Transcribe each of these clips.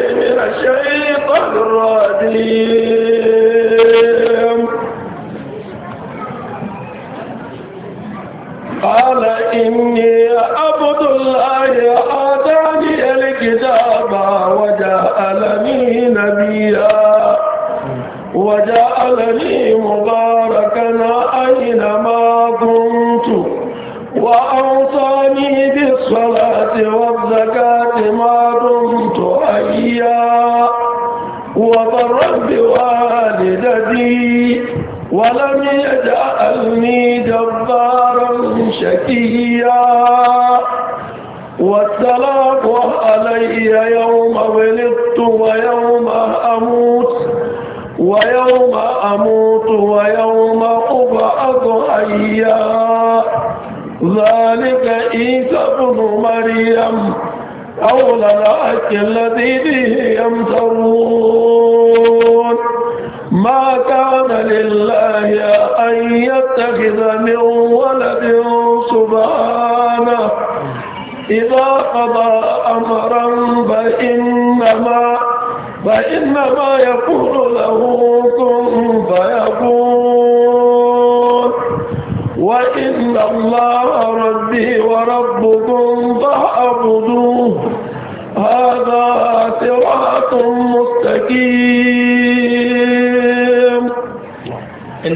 من الشيطان الرجيم قال إني عبد الله آتاني الكتاب وجعلني نبيا وجعلني مباركا أينما كنت وأوصاني بالصلاة والزكاة ما قول الحق الذي به يمترون ما كان لله أن يتخذ من ولد سبحانه إذا قضى أمرا فإنما فإنما يكون له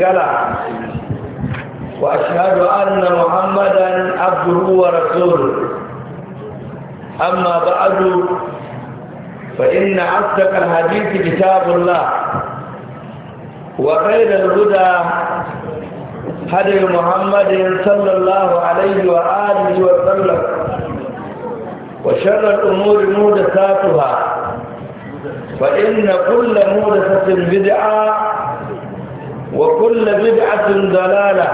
شريك وأشهد أن محمدا عبده ورسوله أما بعد فإن أصدق الحديث كتاب الله وخير الهدى هدي محمد صلى الله عليه وآله وسلم وشر الأمور مودساتها فإن كل مودسة بدعة وكل بدعة ضلالة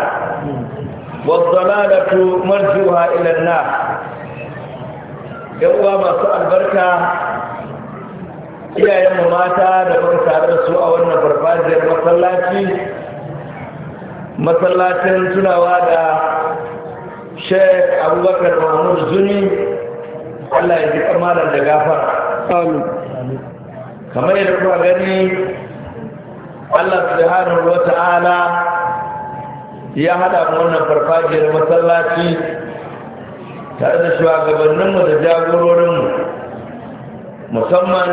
والضلالة مرجوها إلى النار يوم ما سأل بركة iyayenmu mata da muka tare su a wannan farfajiyar masallaci masallacin tunawa da sheik abubakar mahmud zuni allah ya ji kamalan da gafara kamar yadda kuma gani Allah subhanahu wa ta'ala ya hada mu wannan farfajiyar masallaci tare da mu da jagororinmu musamman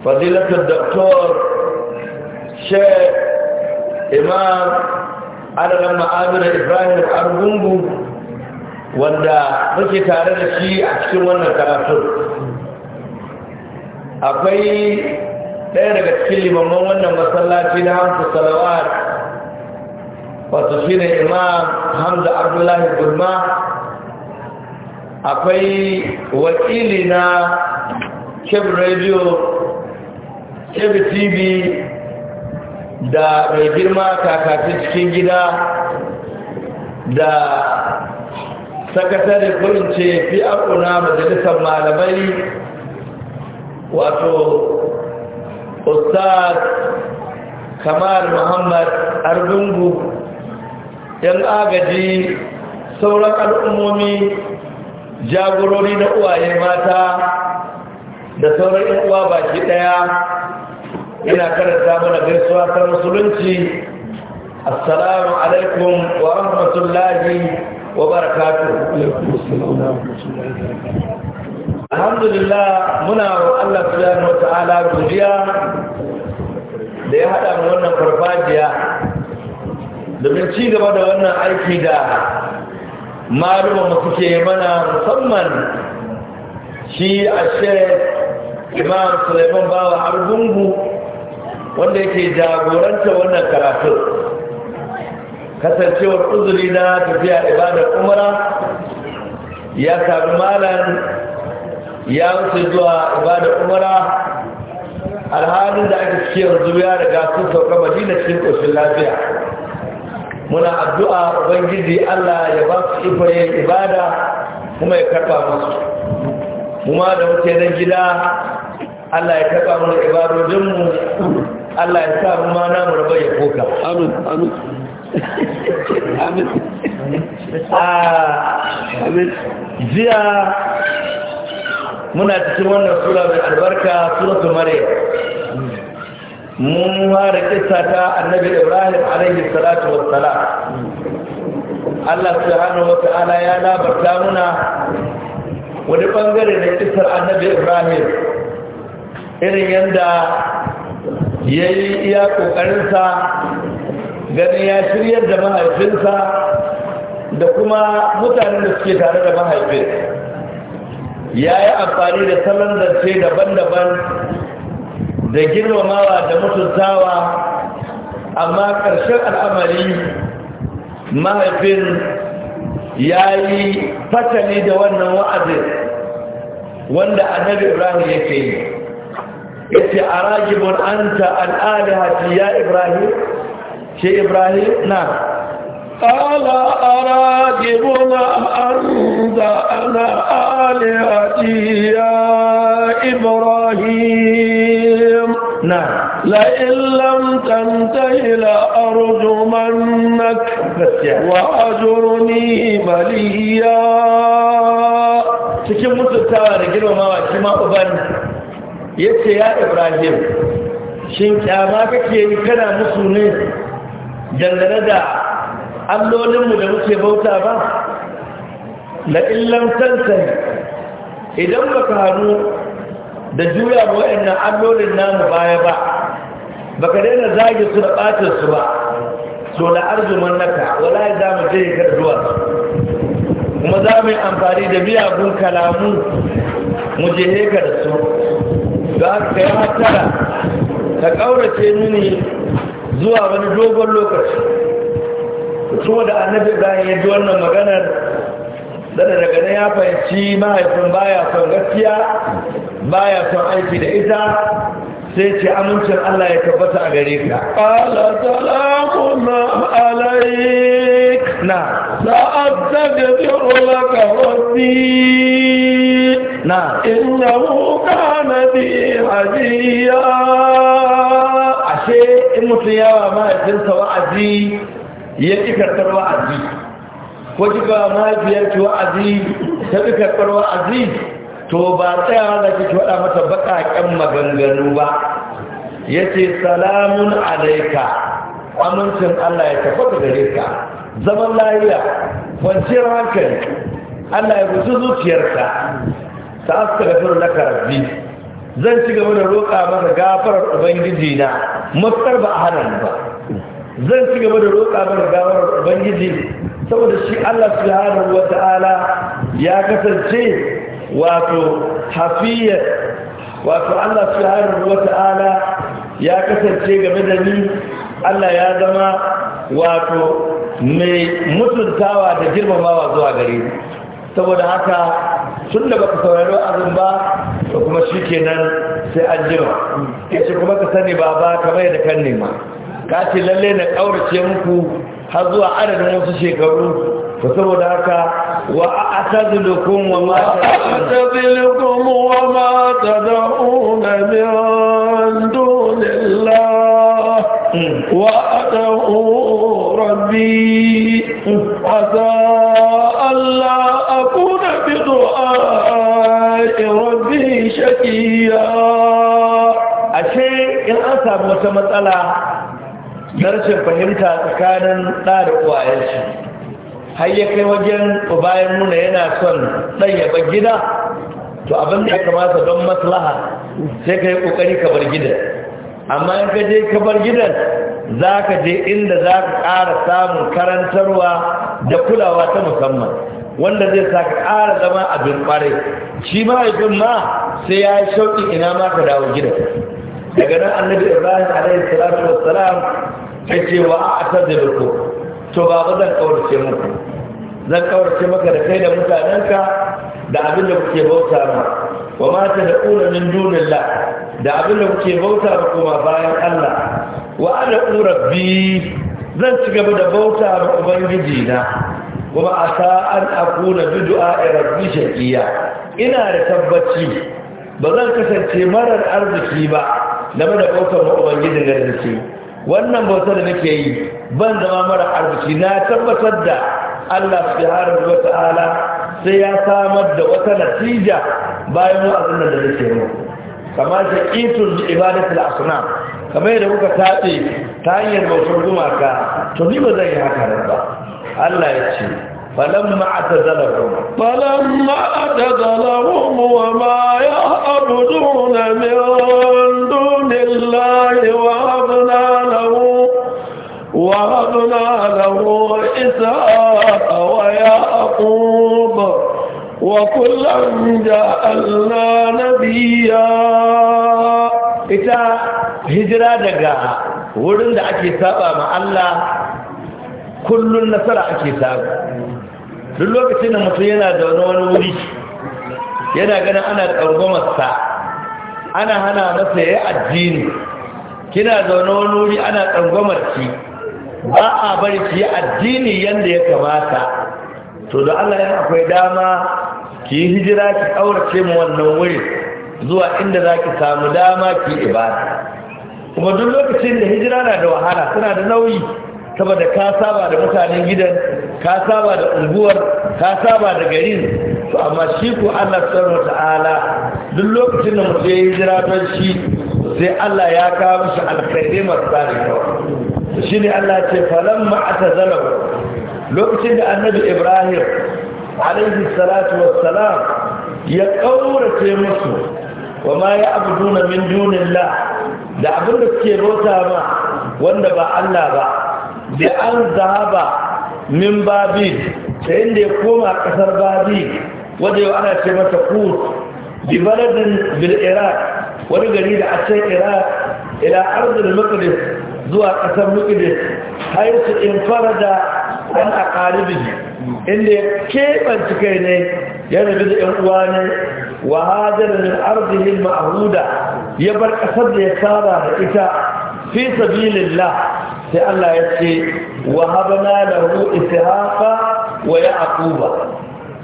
fadilatul doktor sheikh imam adadin ma'amira ibrahim argungu wanda muke tare da shi a cikin wannan karatu akwai ɗaya daga cikin limamman wannan masallaci na hamsu salawar wato shi ne imam hamza abdullahi gulma akwai wakili na kebbi radio kebbi tv da mai girma kakakin cikin gida da sakatare ce fi na majalisar malamai wato ustaz Kamal muhammad argungu yan agaji sauran al'ummomi jagorori na uwaye mata da sauran yan uwa baki ɗaya ina karanta mana gaisuwa ta musulunci assalamu alaikum wa rahmatullahi wa barakatuh alhamdulillah muna wa Allah subhanahu wa ta'ala godiya da ya haɗa mu wannan farfajiya domin ci gaba da wannan aiki da maluma mu suke mana musamman shi a imam Sulaiman bawa argungu wanda yake jagoranta wannan karatu kasancewar uzuri na tafiya ibadar umara ya sami malam ya wuce zuwa ibada umara alhalin da ake ciki yanzu ya riga sun sauka madina cikin ƙoshin lafiya muna addu'a ubangiji allah ya ba su ifayen ibada kuma ya karɓa musu kuma da muke nan gida allah ya karɓa mana ibadojinmu allah ya sa mu na namu rabar ya koka amin amin amin ah, amin jiya muna cikin wannan sura mai albarka su mare mun fara kissa ta annabi ibrahim alaihi salatu salam Allah subhanahu wa ta'ala ya labarta muna wani bangare na kissar annabi ibrahim irin yadda ya yi iya ƙoƙarinsa ganin ya shiryar da mahaifinsa da kuma mutanen da suke tare da mahaifin ya yi amfani da salon zance daban-daban da girmamawa da mutuntawa amma ƙarshen al'amari mahaifin ya yi fatali da wannan wa'azin wanda annabi ibrahim ya yi ya a ragibin an al'ada hati ya ibrahim ce ibrahim na ala a ragibin an أنبأنا آلهتي يا إبراهيم نعم لئن لم تنتهي لأرجمنك وأجرني مليا cikin mutuntawa da girmamawa shi ma uban ya ce ya ibrahim shin kyama kake yi kana musu ne dangane da allolinmu da muke bauta ba la'in lamtantan idan ba ka hannu da juya wa'annan allolin namu baya ba ba ka daina zage su da ɓatar su ba so na arzumin naka wala ya zama je ka zuwa kuma za mu yi amfani da miyagun kalamu mu je ka da su ga ka yi hatara ta ƙaurace mini zuwa wani dogon lokaci kuma da annabi ibrahim ya ji wannan maganar dada daga na ya fahimci mahaifin baya son gaskiya baya son aiki da ita sai ce amincin Allah ya tabbata a gare ka salamu salamun alaik na sa'adda da zirula ka wasi na inda muka na bi hajiya ashe in mutum yawa mahaifinsa wa'azi ya ƙi wa'azi ko kika mahaifiyar ki wa'azi ta fi karɓar wa'azi to ba tsayawa da kike waɗa mata baƙaƙen maganganu ba Ya ce, salamun alaika amincin Allah ya tafi gare ka zaman lahiya kwanciyar hankali Allah ya guji zuciyarka ta astaghfiru laka rabbi zan ci gaba da roƙa masa gafarar ubangiji na mafitar ba a hana ba zan ci gaba da roƙa masa gafarar ubangiji saboda shi Allah subhanahu wata'ala ya kasance wato hafiya wato Allah subhanahu wata'ala ya kasance game da ni Allah ya zama wato mai mutuntawa da girmamawa zuwa gare ni saboda haka tun da baka saurari azin ba to kuma shikenan sai an jira kace kuma ka sani baba kamar da kan nema ka ce lalle na kaurace muku har zuwa adadin wasu shekaru to saboda haka wa atazilukum wa ma atazilukum wa ma tad'una min dunillah wa ad'u rabbi asa alla akuna bi du'a'i rabbi shaqiya ashe in an samu wata matsala na fahimta tsakanin ɗa da uwayensu har ya kai wajen bayan muna yana son dan ya bar gida to abin da ya kamata don maslaha sai ka yi ƙoƙari ka bar gidan amma in ka je ka bar gidan za ka je inda za ka ƙara samun karantarwa da kulawa ta musamman wanda zai sa ka ƙara zama abin ƙwarai shi mahaifin ma sai ya yi shauƙi ina ma ka dawo gida. daga nan annabi ibrahim alayhi salatu wassalam ya ce wa a tazilu to ba zan kawarce muku zan kawarce maka da kai da mutanenka da abin da kuke bauta ma wa ma ta da ƙuna min dunillah da abin da kuke bauta ma kuma bayan Allah wa ana rabbi zan ci gaba da bauta ma ubangiji na kuma asa an akuna bi du'a rabbi shakiya ina da tabbaci ba zan kasance marar arziki ba game da bautar ma ubangijin da nake wannan bautar da nake yi ban zama mara arziki na tabbatar da Allah subhanahu wa ta'ala sai ya samar da wata natija bayan wa'azin da nake yi kamar shi itul ibadatul asnam kamar yadda kuka tabe ta hanyar bautar gumaka to ni ba zan yi haka ba Allah ya ce فلما اعتزلهم فلما اعتزلهم وما يعبدون من ita hijira daga wurin da ake saba ma Allah kullun nasara ake saba duk lokacin da mutum yana da wani wuri yana ganin ana tsangwamarsa ana hana masa ya addini kina zaune wani wuri ana tsangwamarki ba a bari ki addini yadda ya kamata to da Allah yana akwai dama ki yi hijira ki ƙaurace mu wannan wuri zuwa inda za ki samu dama ki ibada kuma duk lokacin da hijira na da wahala suna da nauyi saboda ka saba da mutanen gidan ka saba da unguwar ka saba da garin to amma shi ko Allah subhanahu ta'ala duk lokacin da mutum ya hijira don shi sai Allah ya kawo mishi alkhairi masu tsari kawai shi ne Allah ce falamma atazalabu lokacin da annabi Ibrahim alaihi salatu wassalam ya ƙaurace musu wa ma ya abuduna min dunillah da abin da suke bauta ma wanda ba Allah ba da an zahaba min babi ta inda ya koma ƙasar babi wajen yau ana ce masa kut bi baladin bil iraq wani gari da a can iraq ila arzul maqdis zuwa ƙasar maqdis haythu in farada Yan a ƙaribin inda ya keɓanci kai ne ya rabu da ‘yan ne wa hajjarin arzihin ma'ahuda ya bar ƙasar da ya tsara da ita fi sabilillah sai Allah ya ce wa habana lahu ishaqa wa yaquba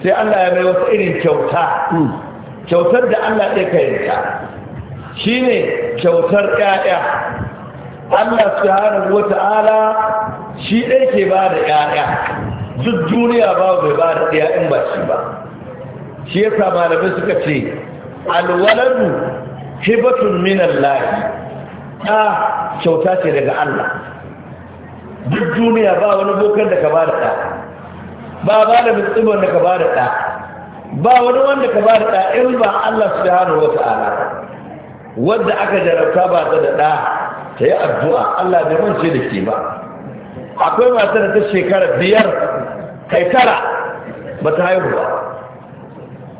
sai Allah ya mai wasu irin kyauta kyautar da Allah ɗaya kayanta shine kyautar 'ya'ya. Allah subhanahu wa ta'ala shi ɗai ke ba da ƴaƴa duk duniya ba bai ba da ɗaya in ba shi ba shi sa malamai suka ce alwaladu hibatun min Allah ta kyauta ce daga Allah duk duniya ba wani bokan da ka ba da ɗa ba ba da mutsibin da ka ba da ɗa ba wani wanda ka ba da ɗa in ba Allah subhanahu wa ta'ala Wadda aka jarabta ba ta da ɗa ta yi addu'a Allah bai mance da ke ba akwai matar ta shekara biyar kai tara ba ta haihu ba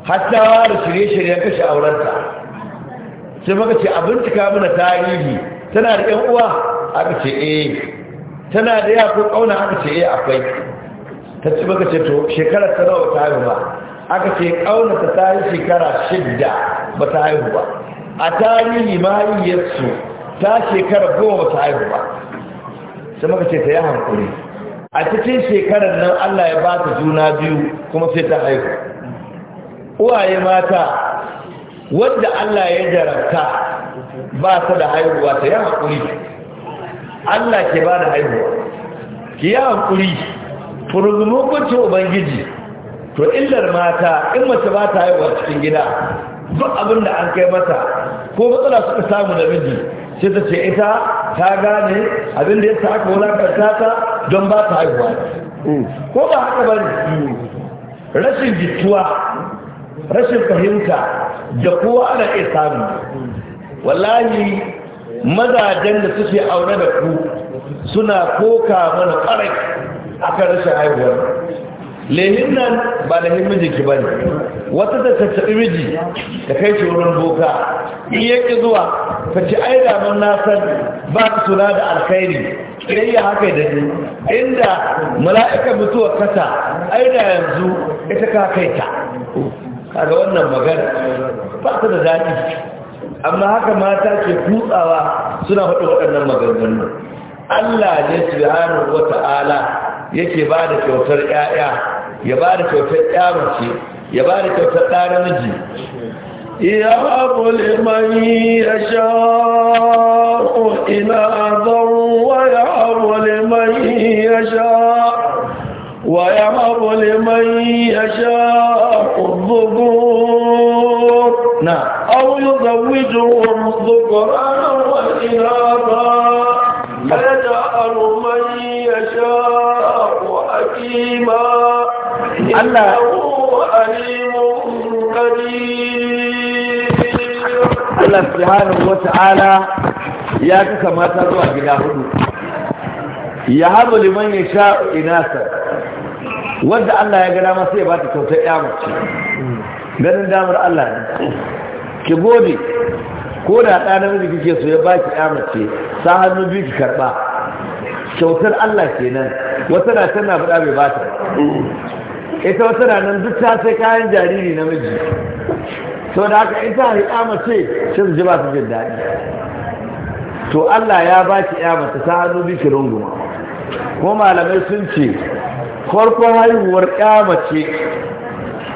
hatta da shirye-shiryen kashe aurenta sai maka ce abin cika mana tarihi tana da 'yan uwa aka ce eh tana da ya ko ƙauna aka ce eh akwai ta ci maka ce to shekara ta nawa ta haihu ba aka ce ƙauna ta ta yi shekara shidda ba ta haihu ba a tarihi mahaifiyarsu ta shekara goma ba ta haihu ba sai maka ce ta yi hankuri a cikin shekarar nan Allah ya ba ta juna biyu kuma sai ta haihu uwaye mata wanda Allah ya jarabta ba ta da haihuwa ta yi hankuri Allah ke ba da haihuwa ki yi hankuri furugumin kwancin ubangiji to illar mata in mace ba ta haihuwa cikin gida duk abin da an kai mata ko matsala suka samu da miji sai ta ce ita ta gane abin da ya sa aka wulakanta ta don ba ta haihuwa hmm. ko ba haka ba ne rashin jituwa rashin fahimta da kowa ana iya samu wallahi mazajen da suke aure da ku suna koka mana ƙarai akan rashin haihuwa. lehin nan ba da himmin jiki ba ne wata da tattaɓi miji da kai shi wurin boka in yake zuwa ka ci ai damar nasar ba ka suna da alkhairi idan ya haka da ni inda mala'ika mutuwa kasa ai da yanzu ita ka kai ta kaga wannan magana ba ta da daɗi amma haka mata ke kutsawa suna faɗi waɗannan maganganu Allah ne Su subhanahu wata'ala yake ba da kyautar 'ya'ya ya ba da kyautar ƴa mace ya ba da kyautar ɗa namiji ya abu liman ya sha'u ina zan waya abu liman ya sha'u ويهب لمن يشاء الذكور نعم أو يزوجهم ذكرانا وإناثا فيجعل من يشاء حكيما الله Allah subhanahu wa ta'ala ya kasa mata zuwa gida hudu ya habu liman ya sha inasa wanda Allah ya gada masu ya ba ta kyautar ya mace ganin damar Allah ne ki gode ko da ɗa namiji kike so ya baki ki mace sa hannu biyu ki karɓa kyautar Allah kenan wata na tana faɗa bai bata ita wata na nan duk ta sai kayan jariri namiji to da haka ita riƙa mace sai su ji ba su jin daɗi to Allah ya ba ki ya mace ta hannu biki runguma ko malamai sun ce farkon haihuwar ya mace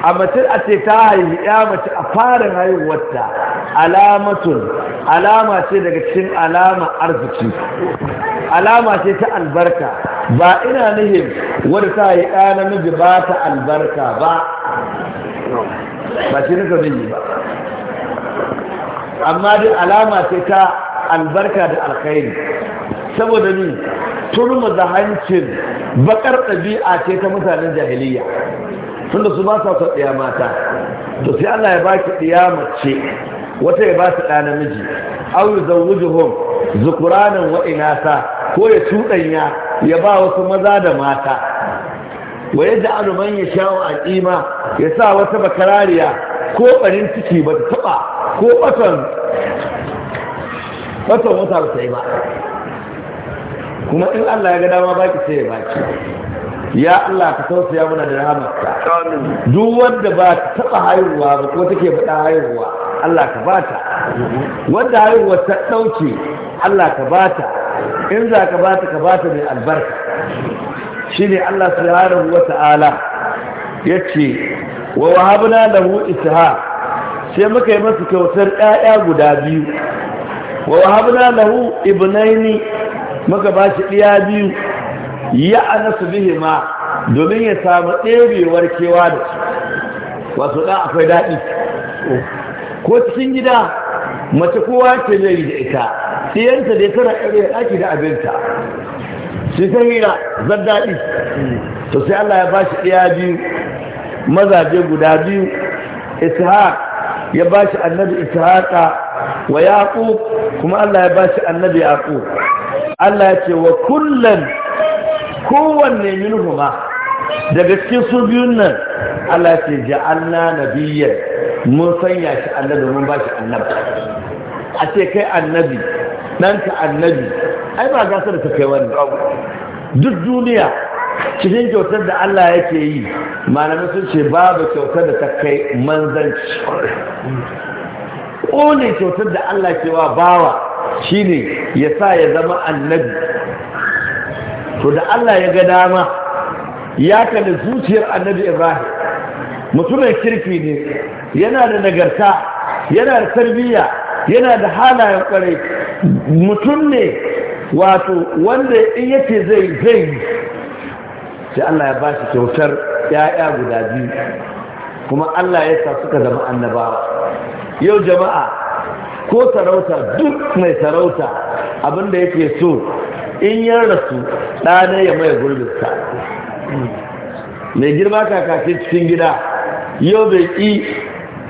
a mutum a ce ta haihu ya mace a farin haihuwarta alamatun alama ce daga cikin alama arziki alama ce ta albarka ba ina nihin wadda ta yi ɗa namiji ba ta albarka ba ba shi naka zai ba amma duk alama ce ta albarka da alkhairi saboda ni turma hancin bakar ɗabi'a ce ta mutanen jahiliya tunda su ba sa ɗaya mata to sai Allah ya baki ɗiya mace wata ya ba su ɗa namiji aw yuzawwijuhum zukuranan wa inasa ko ya cuɗanya ya ba wasu maza da mata wa yadda aluman ya shawo a ƙima ya sa wata bakarariya ko ɓarin ciki ba ta taɓa ko watan watan wata ba sai ba kuma in Allah ya ga dama baki sai ya baki ya Allah ka tausaya muna da rahamarka duk wanda ba ta taɓa haihuwa ba ko take faɗa haihuwa Allah ka bata wanda haihuwa ta ɗauke Allah ka bata in za ka bata ka bata mai albarka shine Allah subhanahu wata'ala yace wa wahabna lahu isha sai muka yi masu kyautar 'ya'ya guda biyu wa wahabna lahu ibnaini muka ba shi ɗiya biyu ya anasu bihima domin ya samu ɗebewar kewa da su wasu ɗan akwai daɗi ko cikin gida mace kowa ce zai da ita ɗiyanta da tana ɗare ɗaki da abinta shi ta hira zan daɗi to sai Allah ya bashi ɗaya biyu mazaje guda biyu ishaq ya bashi annabi ishaqa wa yaqub kuma Allah ya bashi annabi yaqub Allah ya ce wa kullan kowanne minhuma daga cikin su biyun nan Allah ya ce ja'alna nabiyyan mun sanya shi annabi mun ba shi annabi a ce kai annabi ɗanka annabi ai ba gasar ta kai wannan duk duniya cikin kyautar da Allah yake yi malamai sun ce babu kyautar da ta kai manzanci kone kyautar da Allah ke wa bawa shine ya sa ya zama annabi to da Allah ya ga dama ya kalli zuciyar annabi Ibrahim mutumin kirki ne yana da nagarta yana da tarbiyya yana da halayen kwarai mutum ne wato wanda in yake zai zai sai Allah ya bashi kyautar ya'ya guda biyu kuma Allah ya sa suka zama annabawa yau jama'a ko sarauta duk mai sarauta abinda yake so in ya rasu ɗana ya mai gurbinsa mai girma kakakin cikin gida yau bai ƙi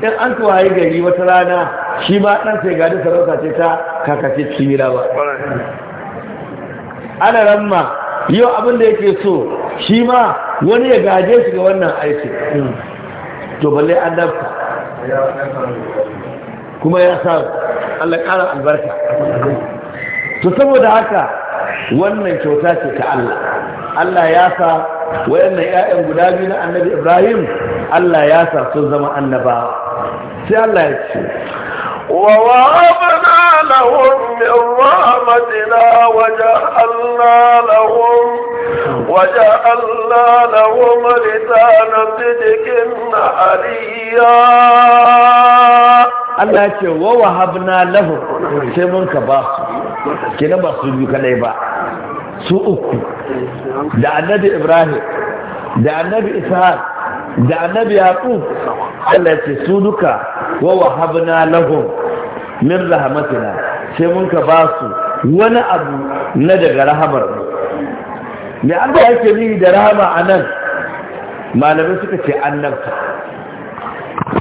in an kawaye gari wata rana shi ma ɗan sai gadi sarauta ce ta kakashe cikin ba ana ramma yau abin da yake so shi ma wani ya gaje shi ga wannan aiki to balle an dafa kuma ya sa Allah ƙara albarka to saboda haka wannan kyauta ce ta Allah Allah ya sa wayannan 'ya'yan guda biyu na annabi Ibrahim Allah ya sa sun zama annabawa sai Allah ya ce wa wa abana lahum min rahmatina wa ja'alna lahum wa ja'alna lahum litana sidqin aliya Allah ce wa wa habna lahum sai mun ka ba su na ba su biyu kadai ba su uku da annabi Ibrahim da annabi Isa'il da annabi yaqub Allah ce su duka wa wahabna lahum min rahmatina sai mun ka ba su wani abu na daga rahamar me Allah yake ni da rahama anan malamai suka ce annabta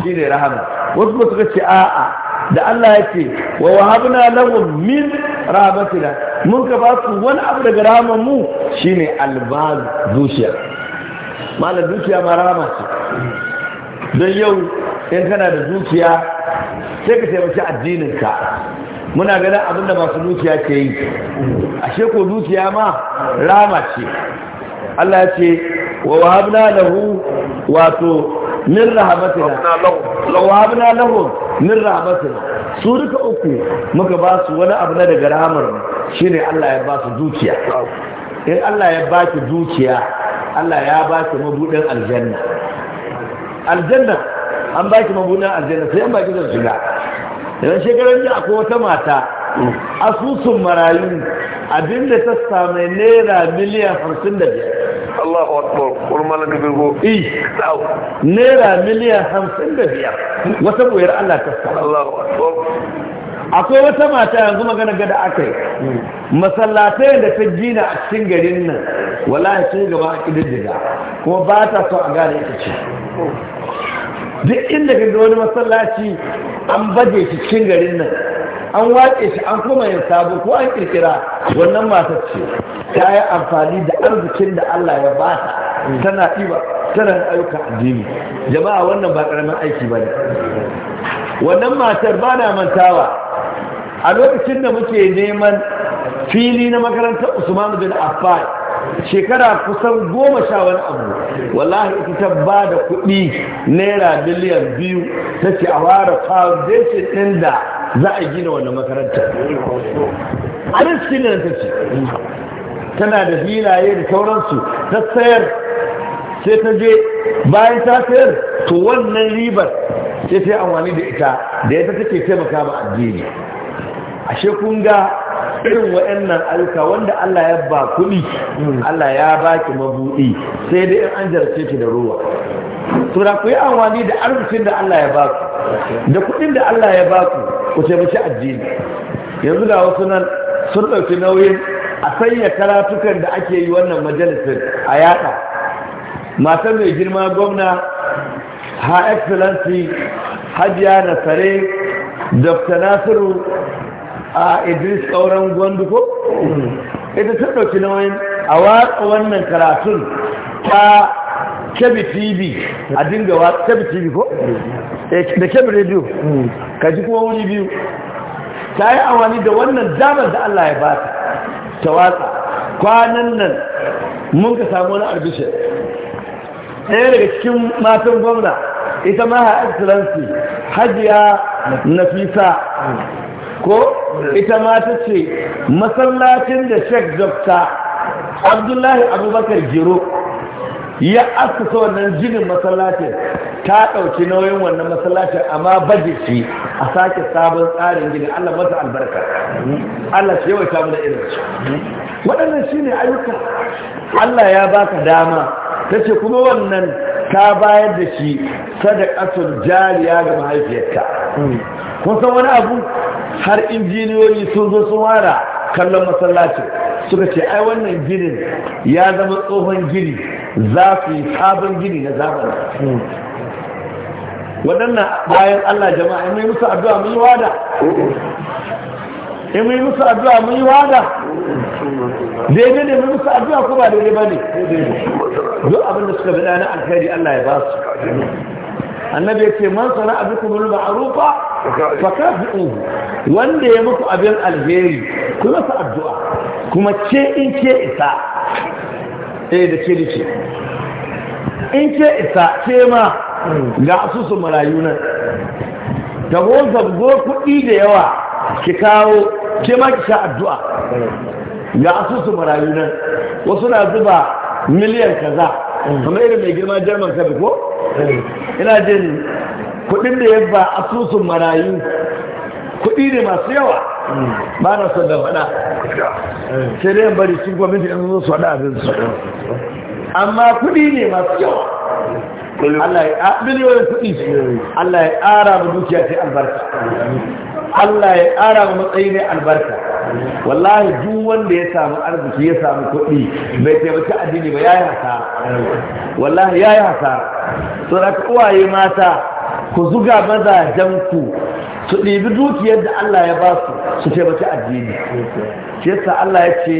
shine rahama wasu ba suka ce a'a da Allah ya ce wa wahabna lahum min rahmatina mun ka ba su wani abu daga rahamar mu shine albaz zuciya malar dukiya ma rama ce don yau in kana da dukiya sai ka taimaki addininka muna ganin abin da masu dukiya ke yi ashe ko dukiya ma rama ce Allah ce wa wahabna lahu wato min rahmatina wa wahabna lahu min rahmatina su duka uku muka ba su wani abu na daga rahamar shine Allah ya ba su dukiya in Allah ya baki dukiya Allah ya ba shi mabudin aljanna aljanna an ba shi mabudin aljanna sai an ba shi zai shiga daga shekarar ji akwai wata mata asusun marayu abinda ta sami naira miliyan hamsin da biyar Allahu akbar kurmala da birgo i eh, naira miliyan hamsin da biyar wata buyar Allah ta sami Allahu akbar akwai wata mata yanzu magana gada aka yi masallatai da ta gina a cikin garin nan wallahi sai gaba a ƙididdiga kuma ba ta so a gane ita ce duk inda ga wani masallaci an baje shi cikin garin nan an wake shi an kuma yin sabo ko an kirkira wannan mata ce ta yi amfani da arzikin da Allah ya ba ta tana ɗiba tana ayyukan addini jama'a wannan ba ƙaramin aiki ba ne wannan matar ba na mantawa a lokacin da muke neman fili na makarantar usman bin affan shekara kusan goma sha wani abu wallahi ita ta ba da kuɗi naira biliyan biyu ta ce a ware foundation ɗin da za a gina wani makarantar a cikin da ta ce tana da filaye da sauransu ta sayar sai ta je bayan ta sayar to wannan ribar sai ta yi amfani da ita da ya ita take taimaka ma addini ashe kun ga irin waɗannan ayyuka wanda Allah ya ba kuɗi Allah ya ba ki mabuɗi sai dai in an jarce ki da ruwa to da ku yi amfani da arzikin da Allah ya ba ku da kuɗin da Allah ya ba ku ku taimaki addini yanzu da wasu nan sun ɗauki nauyin a sanya karatukan da ake yi wannan majalisar a yaɗa matan mai girma gwamna her excellency hajiya nasare dr nasiru a idris ƙauren gwanduko ita ta ɗauki wani a watsa wannan karatun ta kebi tv a dinga watsa kebi tv ko? Eh, da kebi radio ka ji kuma wuri biyu ta yi awani da wannan damar da allah ya ba ta watsa kwanan nan mun ka samu wani arbishin? ɗaya daga cikin matan gwamna ita ma ha hajiya nafisa ko ita ma ta ce masallacin da shek dokta abdullahi abubakar jiro ya asusa wannan jinin masallacin ta ɗauki nauyin wannan masallacin amma baje shi a sake sabon tsarin gini allah mata albarka allah shi yawai samu da irin shi waɗannan shi ne ayyuka allah ya baka dama ta ce kuma wannan ta bayar da shi sadakatul jariya ga mahaifiyarta kun san wani abu har injiniyoyi sun zo sun wara kallon masallacin suka ce ai wannan ginin ya zama tsohon gini za su yi sabon gini na zamani waɗannan bayan Allah jama'a mai musu addu'a mun yi wada in mun musu addu'a mun yi wada daidai ne musu addu'a ko ba daidai ba ne duk abin da suka bada na alkhairi Allah ya ba su annabi ya ce man sana abikum bil ma'rufa fakafi'uhu wanda ya muku abin alheri kuma su addu'a kuma ce in ce isa eh da ce dace in ce isa ce ma ga asusun marayu nan ta zabgo kuɗi da yawa ki kawo ke ma ki sha addu'a ga asusun marayu nan wasu na zuba miliyan kaza kamar irin mai girma german kabi ko ina jin kudin da ya ba asusun marayu kudi ne masu yawa ba na son da faɗa sai dai bari sun gwamnati yanzu su faɗa abin su amma kudi ne masu yawa Allah ya biliyoyin kuɗi Allah ya ƙara mu dukiya ce albarka Allah ya ƙara mu matsayi ne albarka wallahi duk wanda ya samu arziki ya samu kuɗi bai taimaki addini ba yayi hasara wallahi yayi hasara to da uwaye mata ku zuga mazajen ku su ɗibi dukiyar da Allah ya ba su su taimaki addini shi yasa Allah ya ce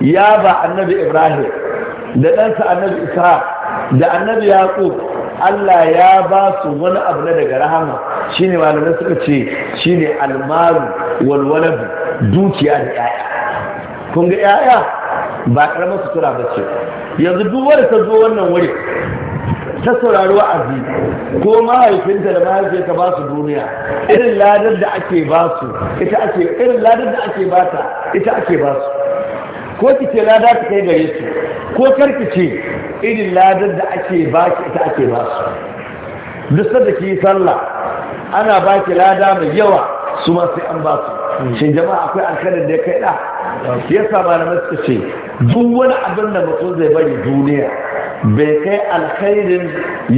ya ba annabi Ibrahim da ɗansa annabi Isra da annabi Yaqub Allah ya ba su wani abu na daga rahama shine malamai suka ce shine almaru walwalabu dukiya da 'ya'ya, kun ga 'ya'ya ba karamar sutura ba ce yanzu duwar ta zo wannan wuri ta saurari wa'azi ko mahaifinta da mahaifinta ba su duniya irin ladar da ake ba su ita ake irin ladar da ake ba ta ita ake ba su ko ki ce lada ta kai gare su ko karki ce irin ladar da ake ba ki ita ake ba su duk sanda ki yi sallah ana ba ki lada mai yawa su ma sai an ba su Mm. shin jama'a akwai alkhairin da ya kai da mm. yasa malamai masu ce duk wani abin da mutum zai bari duniya bai kai alkhairin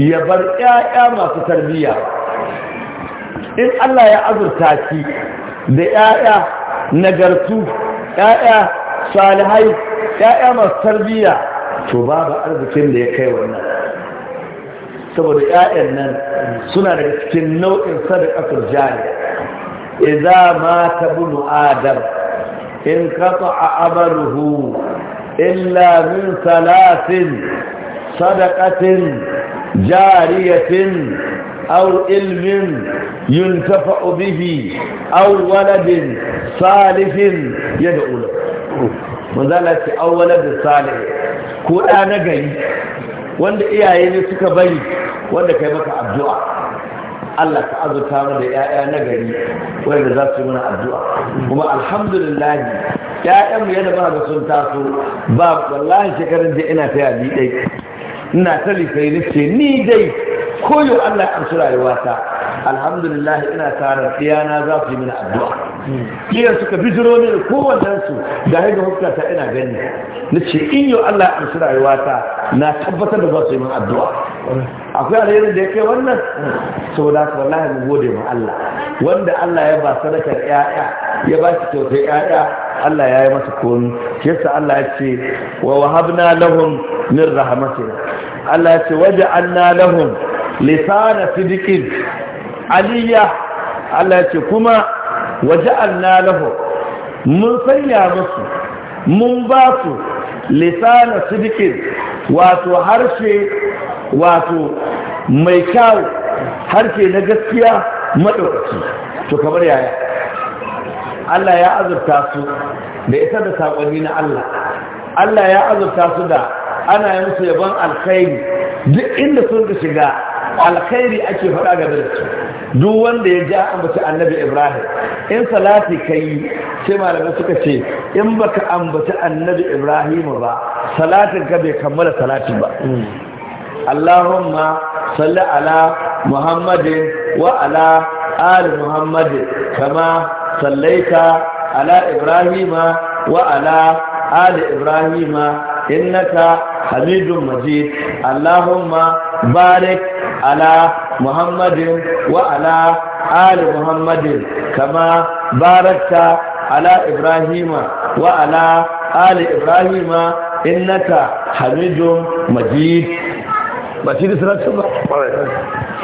ya bar ƴaƴa masu tarbiyya in Allah ya azurta ki da ƴaƴa nagartu ƴaƴa salihai ƴaƴa masu tarbiyya to babu arzikin da ya kai wannan saboda ƴaƴan nan suna daga cikin nau'in sadaqatul jariya idza mata ibnu adam in qata'a amaluhu illa min salatin sadaqatin jariyatin aw ilmin ينتفع به أو ولد صالح يدعو له من ذلك أو ولد صالح كو أنا جاي وند إياه اللي سكبي وند كيبك الدعاء Allah ka azurta mu da 'ya'ya na gari wanda za su yi mana addu'a kuma alhamdulillah ƴaƴanmu yadda ba ga sun taso ba wallahi shekarun jiya ina ta yaji dai ina ta lifai ni dai koyo Allah ya amsu rayuwata alhamdulillah ina tarar na za su yi mini addu'a kiyar suka bijiro ne kowannen su ga haiga hukka ta ina gani na ce in yau Allah ya rayuwa rayuwata na tabbatar da za su yi mini addu'a akwai alherin da ya kai wannan saboda su wallahi mu gode ma Allah wanda Allah ya ba sadakar ƴaƴa ya ba shi kyautar yaya Allah ya yi masa komi yasa Allah ya ce wa wahabna lahum min rahmatina Allah ya ce waja'alna lahum lisana sidiqin aliyya Allah ce kuma waje lahu mun sanya musu mun ba su lisana sidikin wato harshe wato mai kyau harshe na gaskiya maɗaukaci to kamar yaya Allah ya azurta su da isa da saƙonni na Allah Allah ya azurta su da ana yi musu yaban alkhairi duk inda sun shiga alkhairi ake faɗa ga da duk wanda ya ja ambaci annabi ibrahim in salati kai sai malamai suka ce in baka ambaci annabi ibrahim ba salatin ka bai kammala salatin ba allahumma salli ala muhammadin wa ala ali muhammadin kama sallaita ala ibrahima wa ala ali ibrahima innaka hamidun majid allahumma barik ala محمد وعلى آل محمد كما باركت على إبراهيم وعلى آل إبراهيم إنك حميد مجيد مجيد صلاة الله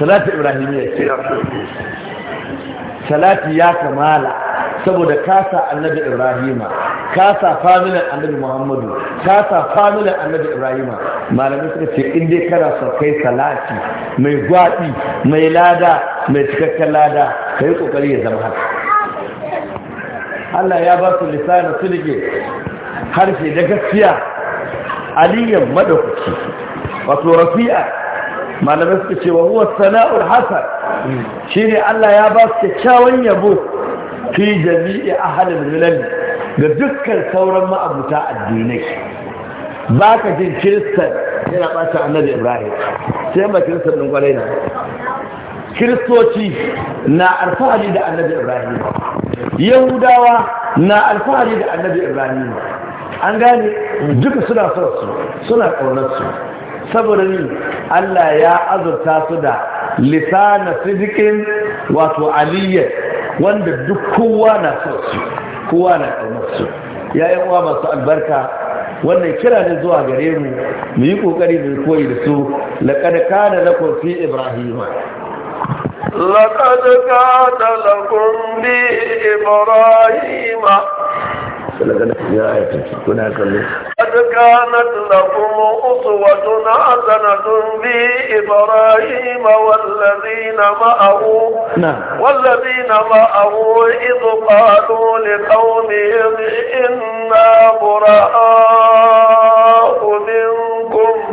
صلاة إبراهيمية صلاة يا كمالا saboda kasa annabi ibrahima kasa familin annabi muhammadu kasa familin annabi ibrahima malamai suka ce in dai kana so kai salati mai gwaɗi mai lada mai cikakken lada ka yi ƙoƙari ya zama haka Allah ya ba su lisanin sulge harshe da gaskiya aliyan madaukaki wato rafi'a malamai suka ce wa huwa sana'ul hasan shine Allah ya ba su kyakkyawan yabo fi jami'i a halin milan ga dukkan sauran ma'abuta addinai ba ka jin kiristan yana ɓata annabi ibrahim sai ma kiristan ɗin kwarai na kiristoci na alfahari da annabi ibrahim yahudawa na alfahari da annabi ibrahim an gane duka suna son su suna ƙaunar su saboda ni Allah ya azurta su da lisana sidikin wato aliyyar wanda duk kowa na so su kowa na ƙaunar su yi uwa masu albarka wannan kira ne zuwa gare mu mu yi kokari mu koyi da su laqad kana lakum fi ibrahima laqad kana lakum bi إبراهيم ولقد يا آية كنا كله قد كانت لكم أسوة حسنة في إبراهيم والذين معه نعم والذين معه إذ قالوا لقومهم إنا براء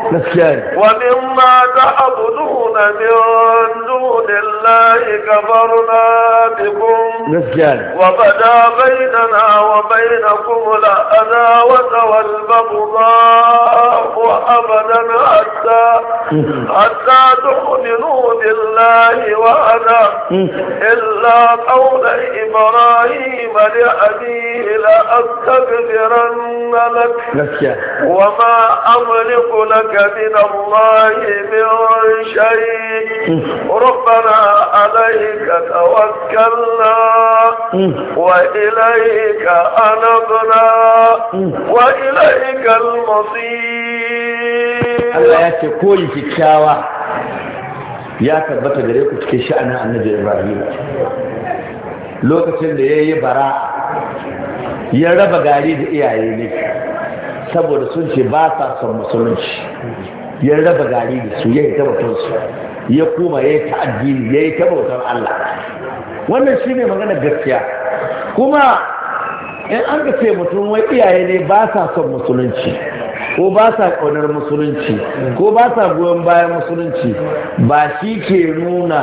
ومما تعبدون من دون الله كفرنا بكم وبدا بيننا وبينكم العداوة والبغضاء أبدا حتى حتى تؤمنوا بالله وأنا إلا قول إبراهيم لأبيه لأستغفرن لك وما أملك لك لك من الله من شيء ربنا عليك توكلنا وإليك أنبنا وإليك المصير الله يتكون في الشاوة ya tabbata gare ku cikin sha'anin annabi ibrahim lokacin da ya yi bara ya raba gari da iyaye ne saboda sun ce ba sa son musulunci ya raba gari da su ya yi tabbatarsu ya kuma ya yi ta'addi, ya yi tabbatar Allah wannan shi ne magana gaskiya kuma in an ga ce mutum wai iyaye ne ba sa son musulunci ko ba sa ƙaunar musulunci ko ba sa goyon bayan musulunci ba shi ke nuna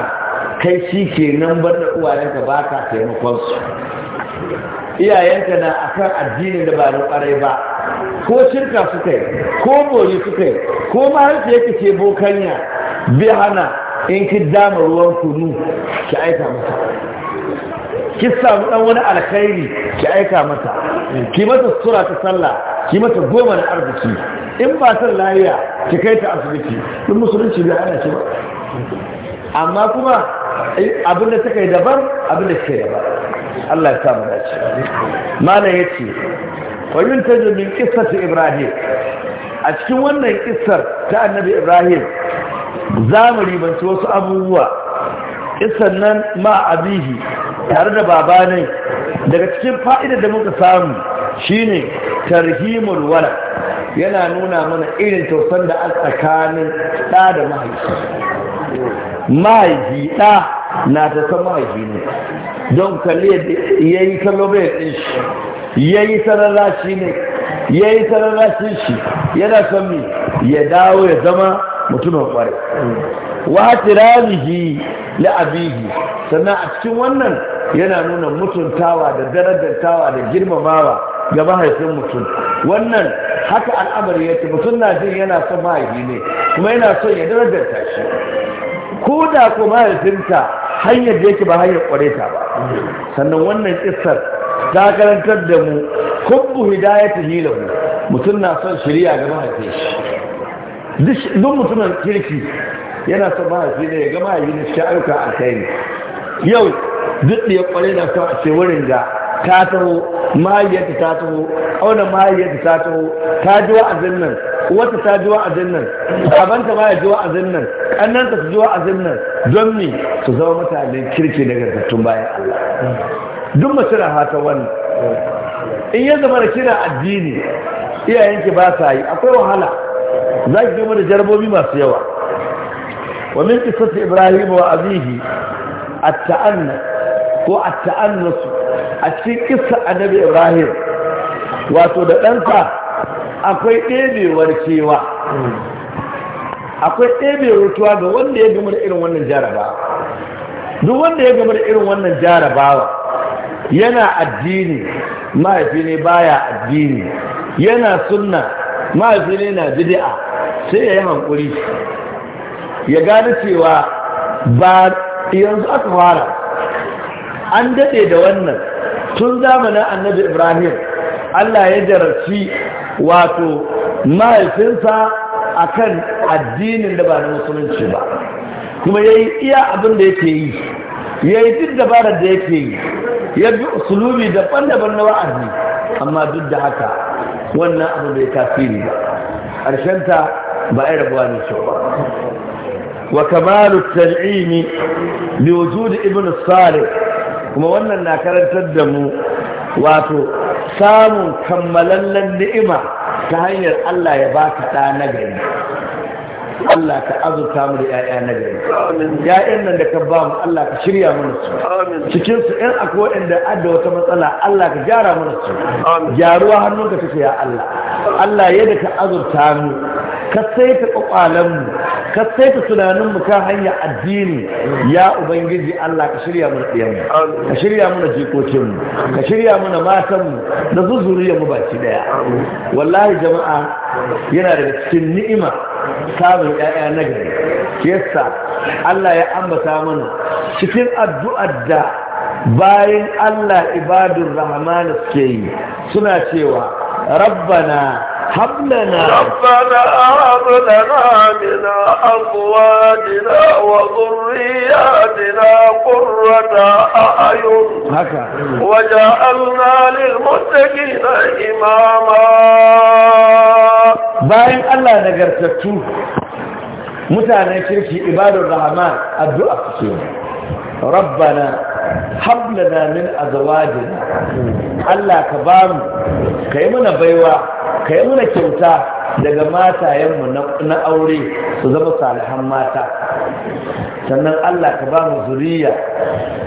kai shi ke nan bar da uwayenka ba ka taimakon su iyayenta na akan addini da ba ƙwarai ba ko shirka suka yi ko bori suka yi ko ma harshe yake ce bokanya bi hana in ki dama ruwan kunu ki aika masa ki samu dan wani alkhairi ki aika masa ki masa sura ta sallah ki masa goma na arziki in ba san lafiya ki kai ta asibiti duk musulunci bai ana ce ba amma kuma eh, abin da suka yi daban abin da suka yi daban Allah ya samu dace mala yace wa yuntaju min qissati ibrahim a cikin wannan kissar ta annabi ibrahim za mu ribanci wasu abubuwa kissan nan ma abihi tare da babanai daga cikin fa'idar da muka samu shine tarhimul wala yana nuna mana irin tausan da a tsakanin ɗa da mahaifi mahaifi ɗa na ta san mahaifi ne don kalli ya yi kallo bai ɗin shi ya yi sararashi ne ya yi sararashin shi yana son mi ya dawo ya zama mutumin ƙware wa tirarihi la abihi sannan a cikin wannan yana nuna mutuntawa da darajantawa da girmamawa ga mahaifin mutum wannan haka al'amari ya ce mutum na jin yana son mahaifi ne kuma yana son ya darajanta shi ko da ko mahaifinka hanyar da yake ba hanyar ta ba sannan wannan kissar ta karantar da mu ta hidayatu hilahu mutum na son shirya ga mahaifin shi duk mutumin kirki yana son mahaifi da ya gama yi na shi a kai yau duk da ya kware na son a ce wurin da ta taho yadda ta taho ƙaunar yadda ta taho ta ji wa'azin nan wata ta ji wa'azin nan abanta ma ya ji wa'azin nan ƙannanta su ji wa'azin nan don me su zama mutane kirki na gargattun bayan Allah duk mace na hata wannan in ya zama da kira addini iyayenki ba sa yi akwai wahala za ki zama da jarabobi masu yawa wa min qissati ibrahim wa abihi at-ta'anna ko at-ta'annasu a cikin kissa annabi ibrahim wato da ɗansa akwai ɗebewar cewa akwai ɗebewar rutuwa ga wanda ya gama irin wannan jarabawa duk wanda ya gama da irin wannan jarabawa yana addini mahaifi ne baya addini yana sunna mahaifi ne na bid'a sai ya yi hankuri ya gane cewa ba yanzu aka fara an daɗe da wannan tun zamanin annabi ibrahim allah ya jararci wato mahaifinsa akan addinin da ba na musulunci ba kuma ya yi iya abin da yake yi ya yi duk dabarar da yake yi ya bi usulubi daban-daban na wa'azi amma duk da haka wannan abin da ya tasiri ba ta ba a rabuwa ne shi ba wa kamalu tal'imi li wujudi ibn salih kuma wannan na karantar da mu wato samun kammalallen ni'ima ta hanyar Allah ya baka ɗa na gari Allah ka azurta mu da ‘ya'ya na gari ‘ya'yan nan da ka ba mu Allah ka shirya mana su cikin su ‘yan akwai waɗanda adda wata matsala Allah ka gyara mana su gyaruwa hannunka ka ya Allah Allah yadda ka azurta mu ka saita kwakwalenmu ka saita tunaninmu kan hanyar addini ya ubangiji Allah ka shirya mana ɗiyanmu ka shirya mana jikokinmu ka shirya mana matanmu da mu baki ɗaya wallahi jama'a yana daga cikin ni'ima samun ƴaƴa na gari yasa Allah ya ambata mana cikin addu'ar da bayan Allah ibadun rahmanu suke yi suna cewa ربنا هب لنا ربنا هب لنا من أزواجنا وذرياتنا قرة أعين وجعلنا للمتقين إماما باين الله نجرتك mutanen kirki عباد الرحمن addu'a rabbana hablana min azwajina Allah ka bamu kai mana baiwa kai mana kyauta daga matayenmu na aure su zama salihan mata sannan Allah ka ba mu zuriya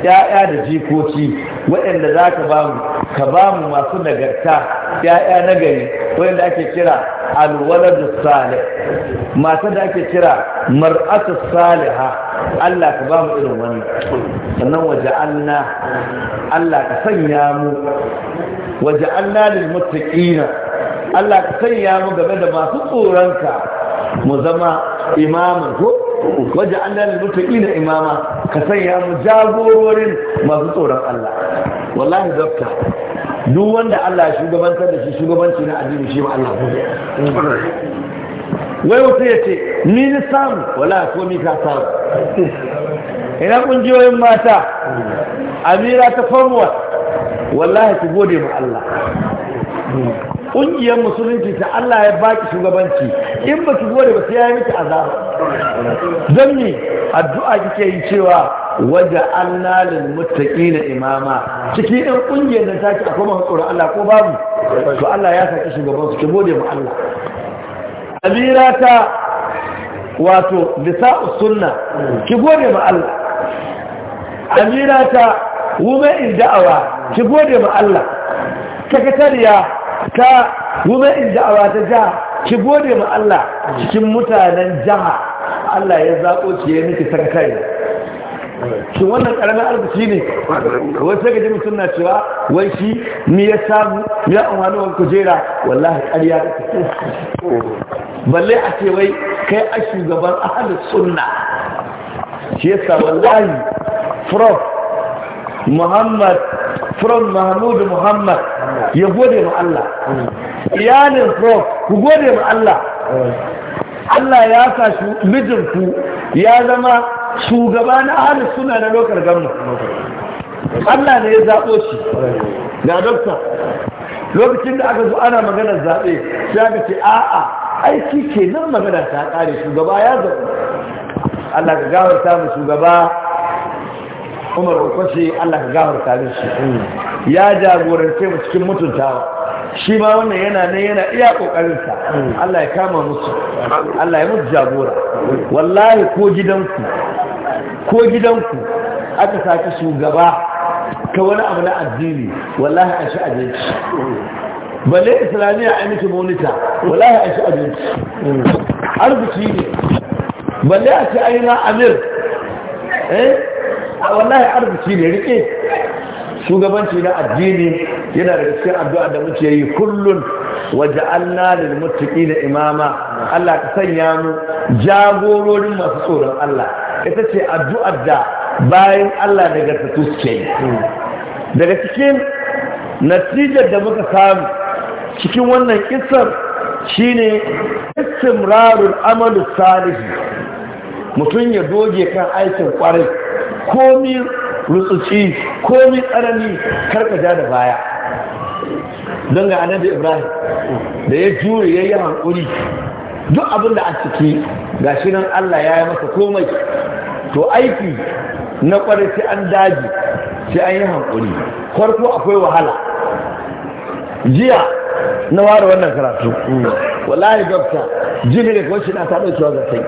ya'ya da jikoki waɗanda za ka ba mu ka ba mu masu nagarta ya'ya na gari waɗanda ake kira alwaladu salih mata da ake kira mar'atu saliha Allah ka ba mu irin wani sannan waje Allah Allah ka sanya mu waje Allah lil muttaqina Allah ka sanya mu game da masu tsoronka mu zama imamin ko waje Allah lil muttaqina imama ka sanya mu jagororin masu tsoron Allah wallahi dokta duk wanda Allah ya shugabantar da shi shugabanci na addini shi ba Allah ko wai wasu ya ce ni na samu wala ko ni samu ina kungiyoyin mata amira ta famuwa wallahi ku gode ma Allah kungiyar musulunci ta Allah ya baki shugabanci in ba ki gode ba sai ya miki azaba Zan yi addu'a kike yi cewa waje Allah lil muttaqina imama cikin ɗan kungiyar da take akwai mahaƙura Allah ko babu to Allah ya saki shugabansu ki gode ma Allah amira ta wato bisa sunna ki gode ma Allah amira ta wume in da'awa ki gode ma Allah sakatariya ta wume in da'awa ta ja ki gode ma Allah cikin mutanen jaha. Allah ya zaɓo ki ya miki sakatariya shi wannan karamin arziki ne wasu sai gaji mutum na cewa wai shi mi ya samu ya umarni wani kujera wallahi ƙarya ka balle a ce wai kai a shugaban ahal sunna shi yasa wallahi prof muhammad prof mahmudu muhammad ya gode ma Allah iyalin prof ku gode ma Allah Allah ya sa shi mijinku ya zama shugaba na hali suna na lokar gamma Allah ne ya zaɓo shi ga dokta lokacin da aka zo ana maganar zaɓe sai aka ce a'a aiki ke nan magana ta ƙare shugaba ya zaɓo Allah ka gawarta mu shugaba umar ukwashi Allah ka gafar tare shi ya jagorance mu cikin mutuntawa shi ma wannan yana nan yana iya ƙoƙarinsa. Allah ya kama musu Allah ya musu jagora wallahi ko gidansu ko gidanku aka saki shugaba ta wani abu na addini wallahi a shi abinci balle islamiyya an miki monita wallahi a shi abinci arziki ne balle a ce aina amir eh wallahi arziki ne rike shugabanci na addini yana da cikin addu'a da muke yi kullun waja'alna lil muttaqina imama Allah ka sanya mu jagororin masu tsoron Allah ita ce addu'ar da bayan Allah daga tattu suke daga cikin natijar da muka samu cikin wannan kisar shine istimrarul amalu salihi mutum ya doge kan aikin kwarai komi rutsuci komi tsanani karkaja da baya don ga annabi ibrahim da ya jure ya yi hankuri duk abin da a ciki gashi nan Allah ya yi masa komai to aiki na kwarai sai an daji sai an yi hankuri farko akwai wahala jiya na ware wannan karatu wallahi gabta jini da kawai na ta daukewa ga sai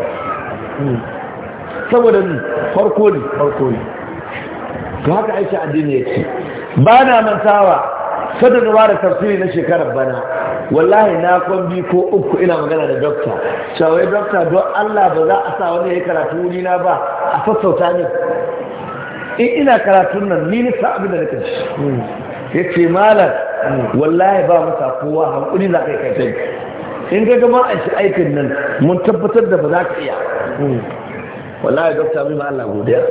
saboda ni farko ne farko ne to haka aiki addini yake ba na mantawa sadar da da tafsiri na shekarar bana wallahi na kwambi ko uku ina magana da dokta shawai dokta don allah ba za a sa wani ya yi karatu wuri na ba a sassauta ne in ina karatun nan ni nisa abin da na shi ya ce malar wallahi ba masa kowa hankuli za ka yi kai in ga gama a shi aikin nan mun tabbatar da ba za ka iya wallahi dokta abin ma allah godiya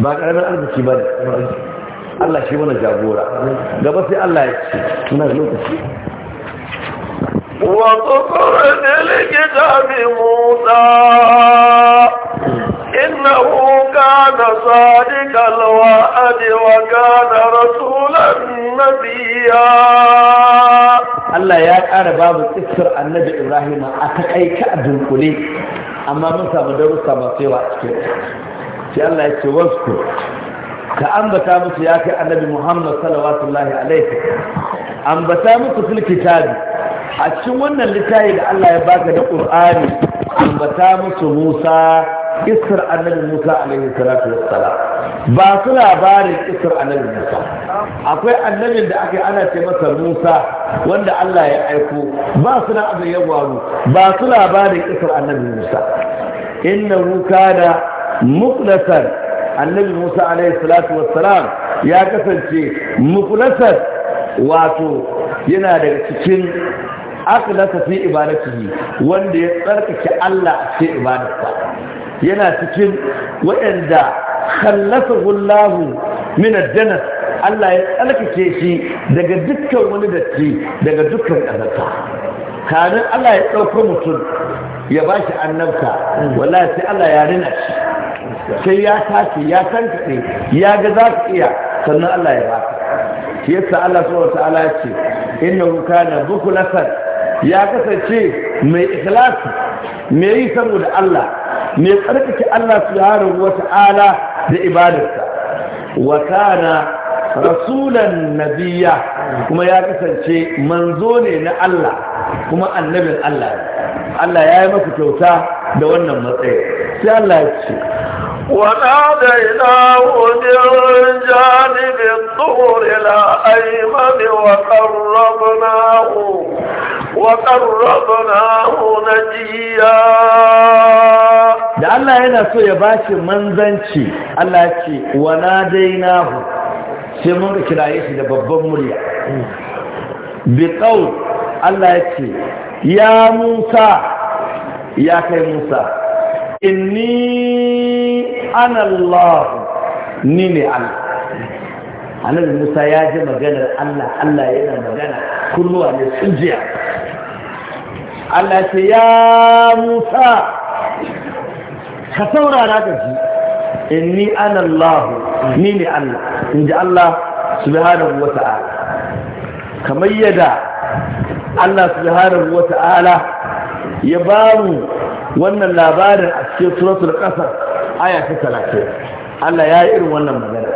ba ƙaramin arziki ba ne Allah shi mana jagora gaba sai Allah ya ce muna lokaci wa qur'ana al-kitabi musa innahu da sadiqal wa'di wa kana rasulan nabiyya Allah ya ƙara babu tsifir annabi Ibrahim a takaita a dunkule amma mun samu darussa masu yawa a cikin sai Allah ya ce wasu ka ambata musu ya kai annabi muhammad sallallahu alaihi ambata musu fil kitabi a cikin wannan littafi da Allah ya baka da qur'ani ambata musu musa isar annabi musa alaihi salatu wassalam ba su labarin isar annabi musa akwai annabin da aka yi ana ce masa musa wanda Allah ya aiko ba su na abin yawaru ba su labarin isar annabi musa innahu kana muqlasan annabi musa alaihi salatu wassalam ya kasance mukulasar wato yana daga cikin akhlasa fi ibadatihi wanda ya tsarkake Allah a cikin ibadarsa yana cikin waɗanda khallasahu Allah min ad Allah ya tsarkake shi daga dukkan wani datti daga dukkan ƙazanta kanin Allah ya ɗauka mutum ya ba shi annabta Wala sai Allah ya rina shi sai ya tashi ya tankaɗe ya ga za su iya sannan Allah ya ba ka shi yasa Allah subhanahu ta'ala ya ce innahu buku nasar. ya kasance mai ikhlasi mai yi saboda Allah mai tsarkake Allah subhanahu ala da ibadarsa wa kana rasulan nabiyya kuma ya kasance manzo ne na Allah kuma annabin Allah Allah ya yi maka kyauta da wannan matsayi sai Allah ya ce وناديناه من جانب الطور الأيمن وقربناه وقربناه نجيا da Allah yana so ya bashi manzanci Allah ce wa nadainahu sai mun ka kiraye shi da babban murya bi qaul Allah ya ce ya Musa ya kai Musa inni ana Allah ni ne Allah annabi Musa ya ji maganar Allah Allah yana magana kulluwa ne sun jiya Allah ce ya Musa ka saurara da ji inni ana Allah ni ne Allah in ji Allah subhanahu wa ta'ala kamar yadda Allah subhanahu wa ta'ala ya ba mu wannan labarin a cikin suratul qasas aya ta 30 Allah ya yi irin wannan magana